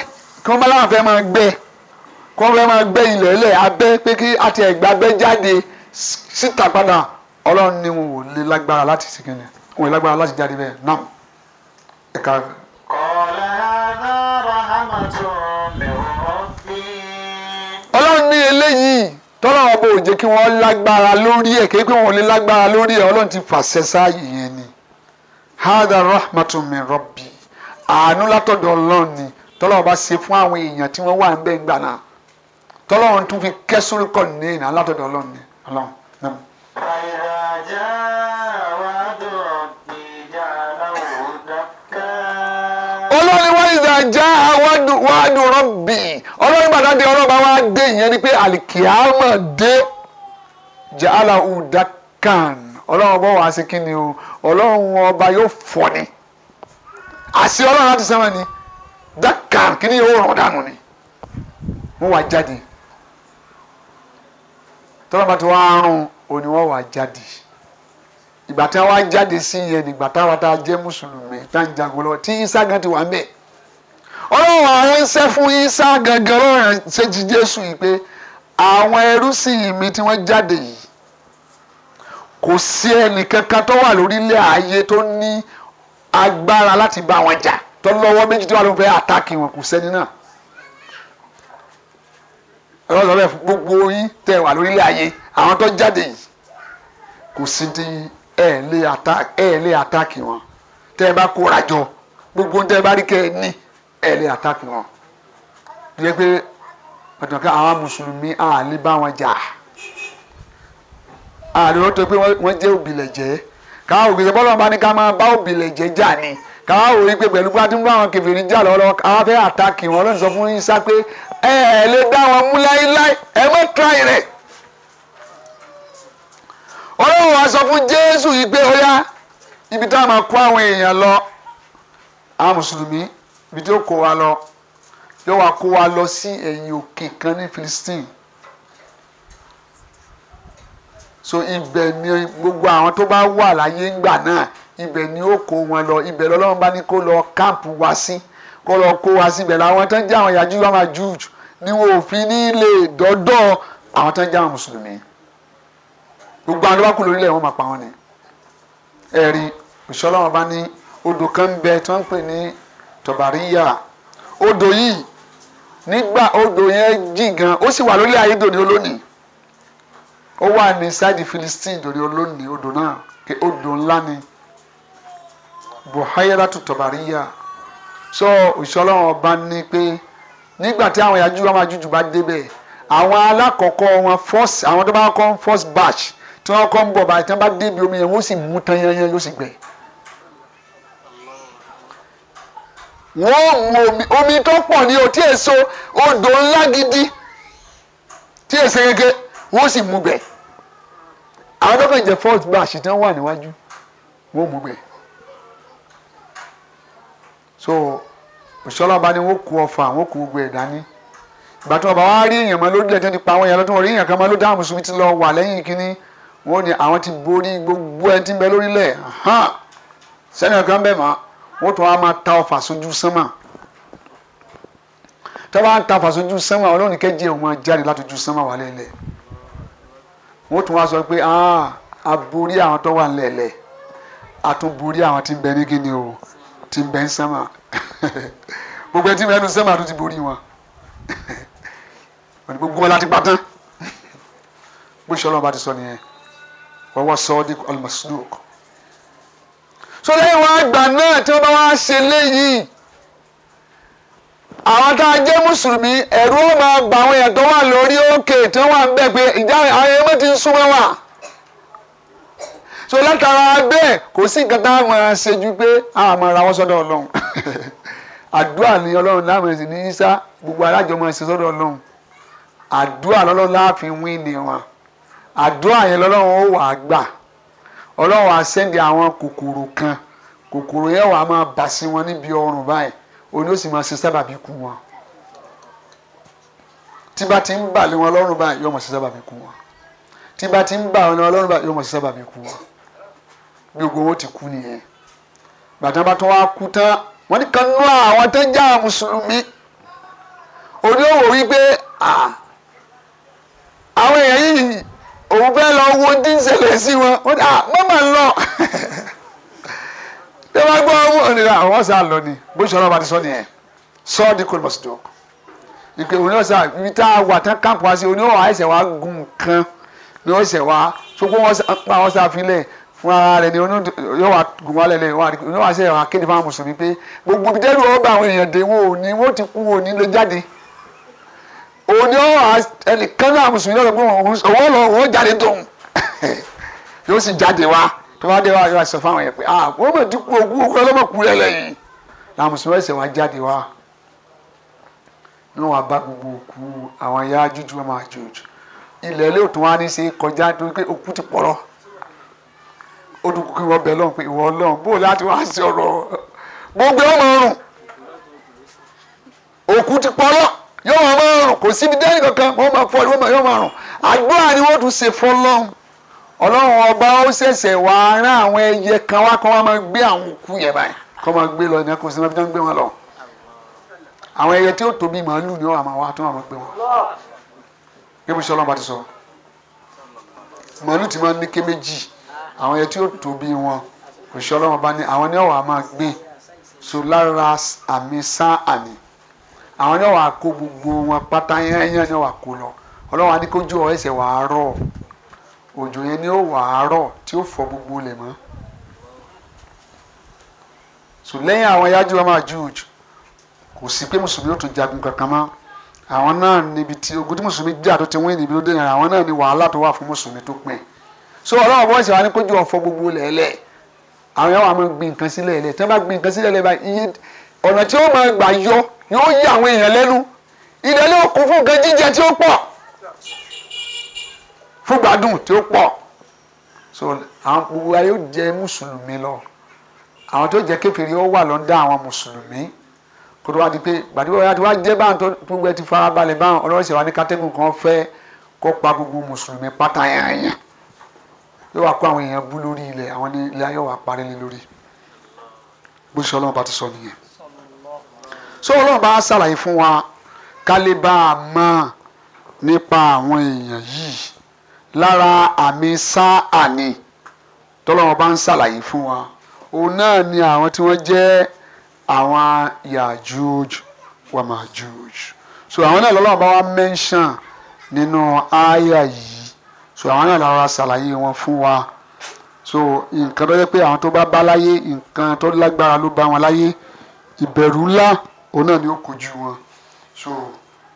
kí wọ́n bá láwọn fẹ́ máa gbẹ́ kó fẹ́ máa gbẹ́ ilẹ̀ abẹ́ pé kí àti ẹ̀gbẹ́ abẹ́ jáde síta padà ọlọ́run ni wọn lè lágbára láti sìnkìn ni lè lágbára láti jáde bẹ́ẹ̀ náà kọ́lá náírà bí. lágbára lórí ẹ̀ wọn lágbára lórí ẹ̀ ọlọ́run ti fàṣẹ sáàyè yẹn ni fún àwọn èèyàn tí wọ́n wà ń tọ́lọ́run tún fi kẹ́sùn kọ́ ní ìnà alátọ̀dọ̀ ọlọ́run ni ọlọ́run náà. àyàjá wa dùrọ̀ bí ìjà aláwọ̀ dáká. olórí wọ́n ìjà já ọlọ́ba wa dé ìyẹn ni pé àlìkìámà dé jà aláwọ̀ dáká ọlọ́run bọ́ wá sí kíni o ọlọ́run ọba yóò fọ́ ni àṣì ọlọ́run láti sẹ́wọ̀n ni dáká kíni yóò rọ̀ dànù ni wọ́n wá jáde tọ́lá bá ti wá rún òní wọ́n wá jáde ìgbà tí wọ́n wá jáde sí yẹn nígbà táwa tá a jẹ́ mùsùlùmí tá a ń lọ tí isa ti wà ń bẹ̀ ọlọ́run àwọn ń ṣẹ́ fún isa gangan lọ́rùn ṣe ti jésù yìí pé àwọn ẹrú sí mi tí wọ́n jáde yìí kò sí ẹnì kankan tó wà lórílẹ̀ ayé tó ní agbára láti bá wọn jà tó méjì tó wà lóun fẹ́ àtàkì wọn kò sẹ́ni náà ọlọ́run sọ bẹ́ẹ̀ gbogbo yín tẹ̀ wà lórílẹ̀ ayé àwọn tó jáde yìí kò sí ti ẹ̀ lé attack ẹ̀ lé attack wọn tẹ́ ẹ bá kóra jọ gbogbo tẹ́ ẹ bá rí kẹ́ ẹ ní ẹ̀ lé attack wọn. bí wọ́n pe pàtàkì pé àwọn mùsùlùmí àlè bá wọn jà àlè wọ́n tó pé wọ́n jẹ́ òbílẹ̀ jẹ́ káwọn òbí bọ́lọ̀ bá ní ká máa bá òbílẹ̀ jẹ́ jà ni káwọn òbí pé pẹ̀lú pé a ti ń bá àwọn kèfèrí jà lọ́wọ́ káwọn fẹ́ àtàkì wọn lọ́nà sọ fún yín sá pé ẹ ẹ lè dá wọn mú láíláí ẹ má tíráì rẹ̀ ọlọ́run wa sọ fún jésù yìí pé ó ibi tá a máa kó àwọn èèyàn lọ àwọn mùsùlùmí ibi tí ó kó wa lọ yóò wá kó wa lọ sí ẹ̀yìn òkè kan ní philistine so ibẹ̀ ni gbogbo àwọn tó bá wà láyé ńgbà náà ibẹ̀ ni ó kó wọn lọ ibẹ̀ lọ́lọ́run bá ní kó lọ káàmpù wá sí kó lọ kó wá sí ibẹ̀ làwọn tó ń jẹ́ àwọn ìyájú yàjú lọ́mọ júùjù ni wọn ò fi ní lè dọ́dọ̀ àwọn tó ń jẹ́ àwọn mùsùlùmí gbogbo àwọn tó bá kú lórílẹ̀ wọn máa pa wọn ni ẹ̀rí òṣìṣọ́lọ́wọ́n bá ní odò kan ń bẹ tó ń pè ní tọ̀bàríyà odò yìí nígbà odò yẹn jìn gan ó sì wà lórí ayé dòní olónìí ó wà ní sáìdì Philistine dòní olónìí odò náà kí odò ńlá ni buhayra tó tọ̀bàríyà sọ òṣìṣọ́lọ́wọ́n bá ní pé. So, nígbà tí àwọn Yájújú àwọn Májújú bá débẹ̀ àwọn alákọ̀ọ́kọ́ wọn first àwọn tó bá kọ́ first batch tí wọ́n kọ́ ń bọ̀ báyìí tí wọ́n bá débi omi yẹn wọ́n sì mú tán yẹnyẹn yóò sì gbẹ. wọ́n mu omi omi tó pọ̀ ní o tí èso odò ńlá gidi tí èso gẹ́gẹ́ wọ́n sì mú gbẹ. àwọn tó kàn jẹ́ first batch tí wọ́n wà níwájú wọ́n mú gbẹ. so òṣìṣọ́lá ọba ni wọ́n kó ọfà wọ́n kó gbogbo ẹ̀ dání ìgbà tí ọba wa rí èèyàn mọ́ lórí ẹ̀jẹ̀ nípa àwọn èèyàn lọ́tún orí èèyàn kan mọ́ ló dáhùn mùsùlùmí ti lọ wà lẹ́yìn kínní wọ́n ní àwọn ti borí gbogbo ẹni tí ń bẹ lórílẹ̀ sẹ́ni ọ̀kan bẹ́ẹ̀ mọ́ wọ́n tún wá máa ta ọfà sójú sánmà tí wọ́n bá ń ta ọfà sójú sánmà ọlọ́run kẹ́jẹ́ òun máa àwọn tó wà lẹ́lẹ̀ a àwọn tí ń bẹ ní kínní o tí ń bẹ ń sánmà gbogbo ẹni tí ń bẹ ń sánmà tó ti borí wọn wọn ni gbogbo wọn láti gbàtán bó ṣe ọlọ́run bá ti sọ nìyẹn wọ́n wọ́n sọ ọ́ ní al-masduq so lẹ́yìn wọn àgbà náà tí wọ́n bá wá ṣe léyìí àwọn tá a jẹ́ mùsùlùmí ẹ̀rú ó máa gbà àwọn èèyàn tó wà lórí òkè tí wọ́n wà ń bẹ̀ pé ìjà àwọn èèyàn ti ń súnmọ́ wà so látara bẹ́ẹ̀ kò sí nǹkan tá a máa ṣe ju pé a máa ra wọ́n sọ́dọ̀ ọlọ́run <laughs> àdúrà ni ọlọ́run láàmú ẹ̀sìn ní sá gbogbo alájọ máa ṣe sọ́dọ̀ ọlọ́run àdúrà lọ́lọ́run láàfin wí ni wọn àdúrà yẹn lọ́lọ́run ó wà á gbà ọlọ́run á sẹ́ndì àwọn kòkòrò kan kòkòrò yẹn wà á máa bà sí wọn níbi ọrùn báyìí òun ó sì máa ṣe sábàbí kú wọn tí bá ti ń bà lé wọn lọ́rùn báyìí yóò máa ṣe sábàbí kú wọn tí bá ti ń bà wọn lọ́rùn báyìí yóò máa ṣe sábàbí kú wọn bí gbogbo wọn ti kú nìyẹn gbàtà bá tó wá kú tán wọn ní kan nú àwọn tó ń já mùsùlùmí òní òwò wípé àwọn èèyàn yìí òun fẹ́ lọ wo tí ń ṣẹlẹ̀ sí wọn ó ní mọ́mọ́ ń lọ bí wọ́n gbọ́ owó nira àwọn sá lọ ni bó ṣe ọlọ́ba ti sọ nìyẹn sọ ọ́ di kò lọ́sọ̀tò ìpè òní ọ̀sà tá a wà tán káàpù wá sí oní ọ̀hún àìsàn gùn kan ni ó ṣẹ̀ wá sọ pé wọ́n pa fún ara rẹ̀ ni yóò wá gùn wálẹ̀ lẹ́yìn wá yóò wá ṣe àwọn akéde fáwọn mùsùlùmí pé gbogbo ibi tẹ́lú ọba àwọn èèyàn dé wọn ò ní wọn ti kú wọn ò ní lè jáde òun ni ọ̀hún ẹnìkan náà mùsùlùmí lọ́dọ̀ pé òun lọ òun jáde tóun <laughs> yóò sì jáde wá tó bá dé wá yóò sọ fáwọn yẹn pé ah wọ́n mọ̀ ti kú ogún ogún ọlọ́mọkú rẹ̀ lẹ́yìn làwọn mùsùlùmí ẹ̀sẹ̀ wá jáde wá ní wọn bá gbogbo òkú àwọn Yájújú wọn máa jòjò ilẹ̀ ilé òtún wa ní í ṣe kọjá torí pé òkú ti pọ̀rọ̀ ó dùn kí wọ́n bẹ̀ lọ́hùn pé ìwọ ọlọ́hùn bó láti wá sí ọ̀rọ̀ gbogbo ọmọ ọrùn òkú ti pọ́lọ́ yóò máa máa rùn kò síbi dẹ́ni kankan wọ́n máa fọ́ ìwọ́n yóò máa rùn àdúrà ni wọ́n tún ṣe fọlọ́hùn ọlọ́run ọba ó ṣẹ̀ṣẹ̀ wá rán àwọn ẹyẹ kan wá kó wọ́n máa gbé àwọn òkú yẹn báyìí kó máa gbé lọ ní ẹkùn sí wọn fi gbé wọn lọ àwọn ẹyẹ tí ó tóbi màálù ni wọ́n máa wá tó wọn gbé wọn bí ọlọ́run bá ti sọ màálù ti máa ní ké méjì àwọn yẹn tí ó tóbi wọn òṣìṣẹ́ ọlọ́run bá ní àwọn ní ọ̀wà máa gbìn so lára àmì sán àní àwọn ní ọ̀wà kó gbogbo wọn pátá yẹn ní ọ̀wà kó lọ ọlọ́run á ní kójú ọ̀ ẹ̀sẹ̀ wàá rọ̀ òjò yẹn ní ó wàá rọ̀ tí ó fọ gbogbo lẹ̀ mọ́ so lẹ́yìn àwọn yájú ọmọ àjùjù kò sí pé mùsùlùmí ó tún jagun kankan mọ́ àwọn náà níbi tí ogun tí mùsùlùmí jà tó ti wín níbi ló dé yẹn àwọn náà ní wàhálà tó wà fún mùsùlùmí tó pin so ọlọ́wọ́ bọ́ ṣe wá ní kójú ọ̀fọ̀ gbogbo lẹ́lẹ̀ àwọn yẹn wà máa gbin nǹkan sílẹ̀ lẹ̀ tí wọ́n bá gbin nǹkan sílẹ̀ lẹ̀ báyìí ọ̀nà tí ó máa gbà yọ yóò yí àwọn èèyàn lẹ́nu ilẹ̀ ló kún fún nǹkan jíjẹ tí ó pọ̀ fún gbádùn tí ó pọ̀ so àwọn gbogbo ayé ó jẹ mùsùlùmí lọ àwọn tó jẹ kékeré ó wà lọ́dọ̀ àwọn mùsùlùmí kó tó wá di pé gbàdúrà wáyà tó wá jẹ́ báwọn tó gbogbo ti fara báwọn ọlọ́run ṣe ní kátẹ́gùn kan fẹ́ kó pa gbogbo mùsùlùmí pátá yànyàn yóò wá kó àwọn èèyàn bú lórí ilẹ̀ àwọn ní ilẹ̀ ayọ̀ wá parí lé lórí bó ṣe ọlọ́run bá ti sọ nìyẹn so ọlọ́run bá ṣàlàyé fún wa ká lè bá a mọ̀ nípa àwọn èèyàn yìí lára àmì sáà ni tọ́lọ́run bá ń ṣàlàyé fún wa òun náà ni àwọn tí wọ́n jẹ́ àwọn Yàjúj wa so àwọn náà lọ́lọ́run bá wa mẹ́ńṣàn nínú àyà yìí so àwọn náà lára ṣàlàyé wọn fún wa so nǹkan tó yẹ pé àwọn tó bá bá láyé nǹkan tó lágbára ló bá wọn láyé ìbẹ̀rù ńlá òun náà ni ó kojú wọn so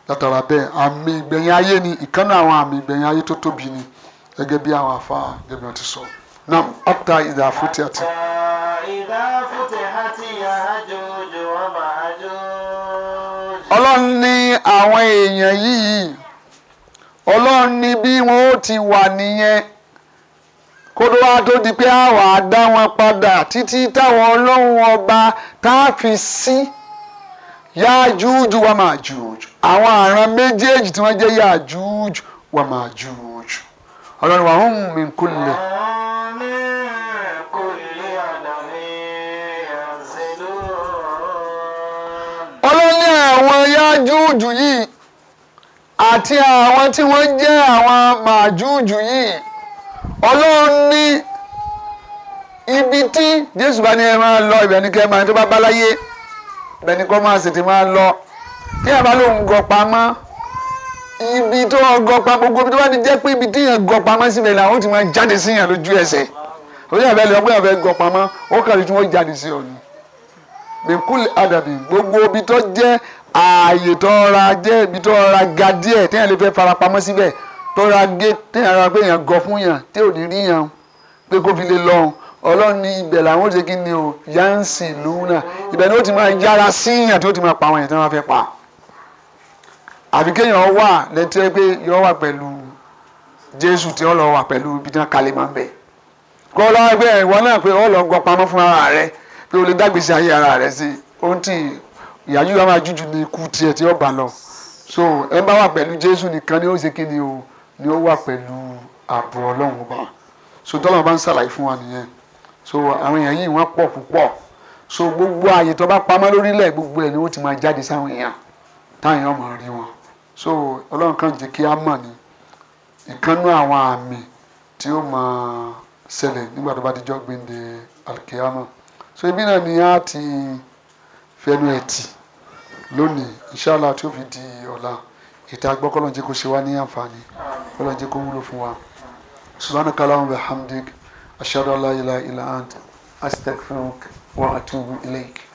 látara bẹ́ẹ̀ àmì ìgbẹ̀yìn ayé ni ìkànnì àwọn àmì ìgbẹ̀yìn ayé tó tóbi ni gẹ́gẹ́ bí àwọn àfa gẹ́gẹ́ bí wọ́n ti sọ náà ọ̀tá ìdá àfútì àti. ìdá àfútì àti Yájúj wa Májúj. ọlọ́run ní àwọn èèyàn yìí ọlọ́run ni bí wọn ó ti wà nìyẹn kódó wa tó di pé àwa dá wọn padà títí táwọn ọlọ́run ọba tá a fi sí yájújú wa máa jújú àwọn àrùn méjèèjì tí wọ́n jẹ́ yájújú wa máa jújú ọlọ́run wa hum min kulli. ọlọ́run ní àwọn yájújú yìí àti àwọn tí wọ́n jẹ́ àwọn màjúùjù yìí ọlọ́run ní ibi tí jésù bá ní ẹ máa lọ ibẹ̀ ní kẹ́ ẹ máa tó bá bá láyé ibẹ̀ ní kọ́ máa ṣètì máa lọ tí àbá lòun gọ pamọ́ ibi tó gọ pamọ́ gbogbo ibi tó bá ti jẹ́ pé ibi tí yẹn gọ pamọ́ síbẹ̀ làwọn ó ti máa jáde sí yẹn lójú ẹsẹ̀ òun yàrá ẹ̀ lọ́gbọ́n yàrá gọ pamọ́ ó kàlù tí wọ́n jáde sí ọ̀nà bíkúlì àdàbí gbogbo ibi tó jẹ́ ààyè tó ra jẹ́ ibi tó ra ga díẹ̀ téèyàn lè fẹ́ farapamọ́ síbẹ̀ tó ra gé téèyàn ra pé èèyàn gọ fún yàn tí ò ní rí yàn pé kó fi lè lọ ọlọ́run ní ibẹ̀ làwọn ò ṣe kí ni o yánsì lùnà ibẹ̀ ni ó ti máa yára sí yàn tí ó ti máa pa àwọn yàn tí wọ́n fẹ́ pa àbí kéèyàn wà lẹ́tẹ́ pé yọ wà pẹ̀lú Jésù tí ó lọ wà pẹ̀lú ibi tí wọ́n kalẹ̀ máa ń bẹ̀ kọ́ ọ lọ́wọ́ pé ìwọ náà pé ó lọ gọ pamọ́ fún ara rẹ pé o lè dágbèsè ayé ara rẹ sí ohun tí ìyá yóò máa jújù ní ikú tiẹ̀ tí ó bá lọ so ẹ bá wà pẹ̀lú Jésù nìkan ni ó ṣe kí ni o ni ó wà pẹ̀lú ààbò Ọlọ́run ọba so tọ́lọ́run bá ń ṣàlàyé fún wa nìyẹn so àwọn èèyàn yìí wọ́n pọ̀ púpọ̀ so gbogbo ààyè tó bá pamọ́ lórílẹ̀ gbogbo ẹ̀ ni wọ́n ti máa jáde sáwọn èèyàn táwọn èèyàn máa rí wọn so Ọlọ́run kan jẹ́ kí á mọ̀ ni ìkànnú àwọn àmì tí ó máa ṣẹlẹ̀ nígbà tó bá ti jọ́ gbéǹde alkiyama so ibi náà ni a ti fẹnu ẹ̀ tì lónìí inshallah tí ó fi di ọ̀la ìta gbọ́ kọ́ ló ń jẹ́ kó ṣe wá ní àǹfààní kọ́ ló ń jẹ́ kó wúlò fún wa subhanaka Allahumma wa hamdik ashhadu an la ilaha illa ant wa atubu ilayk.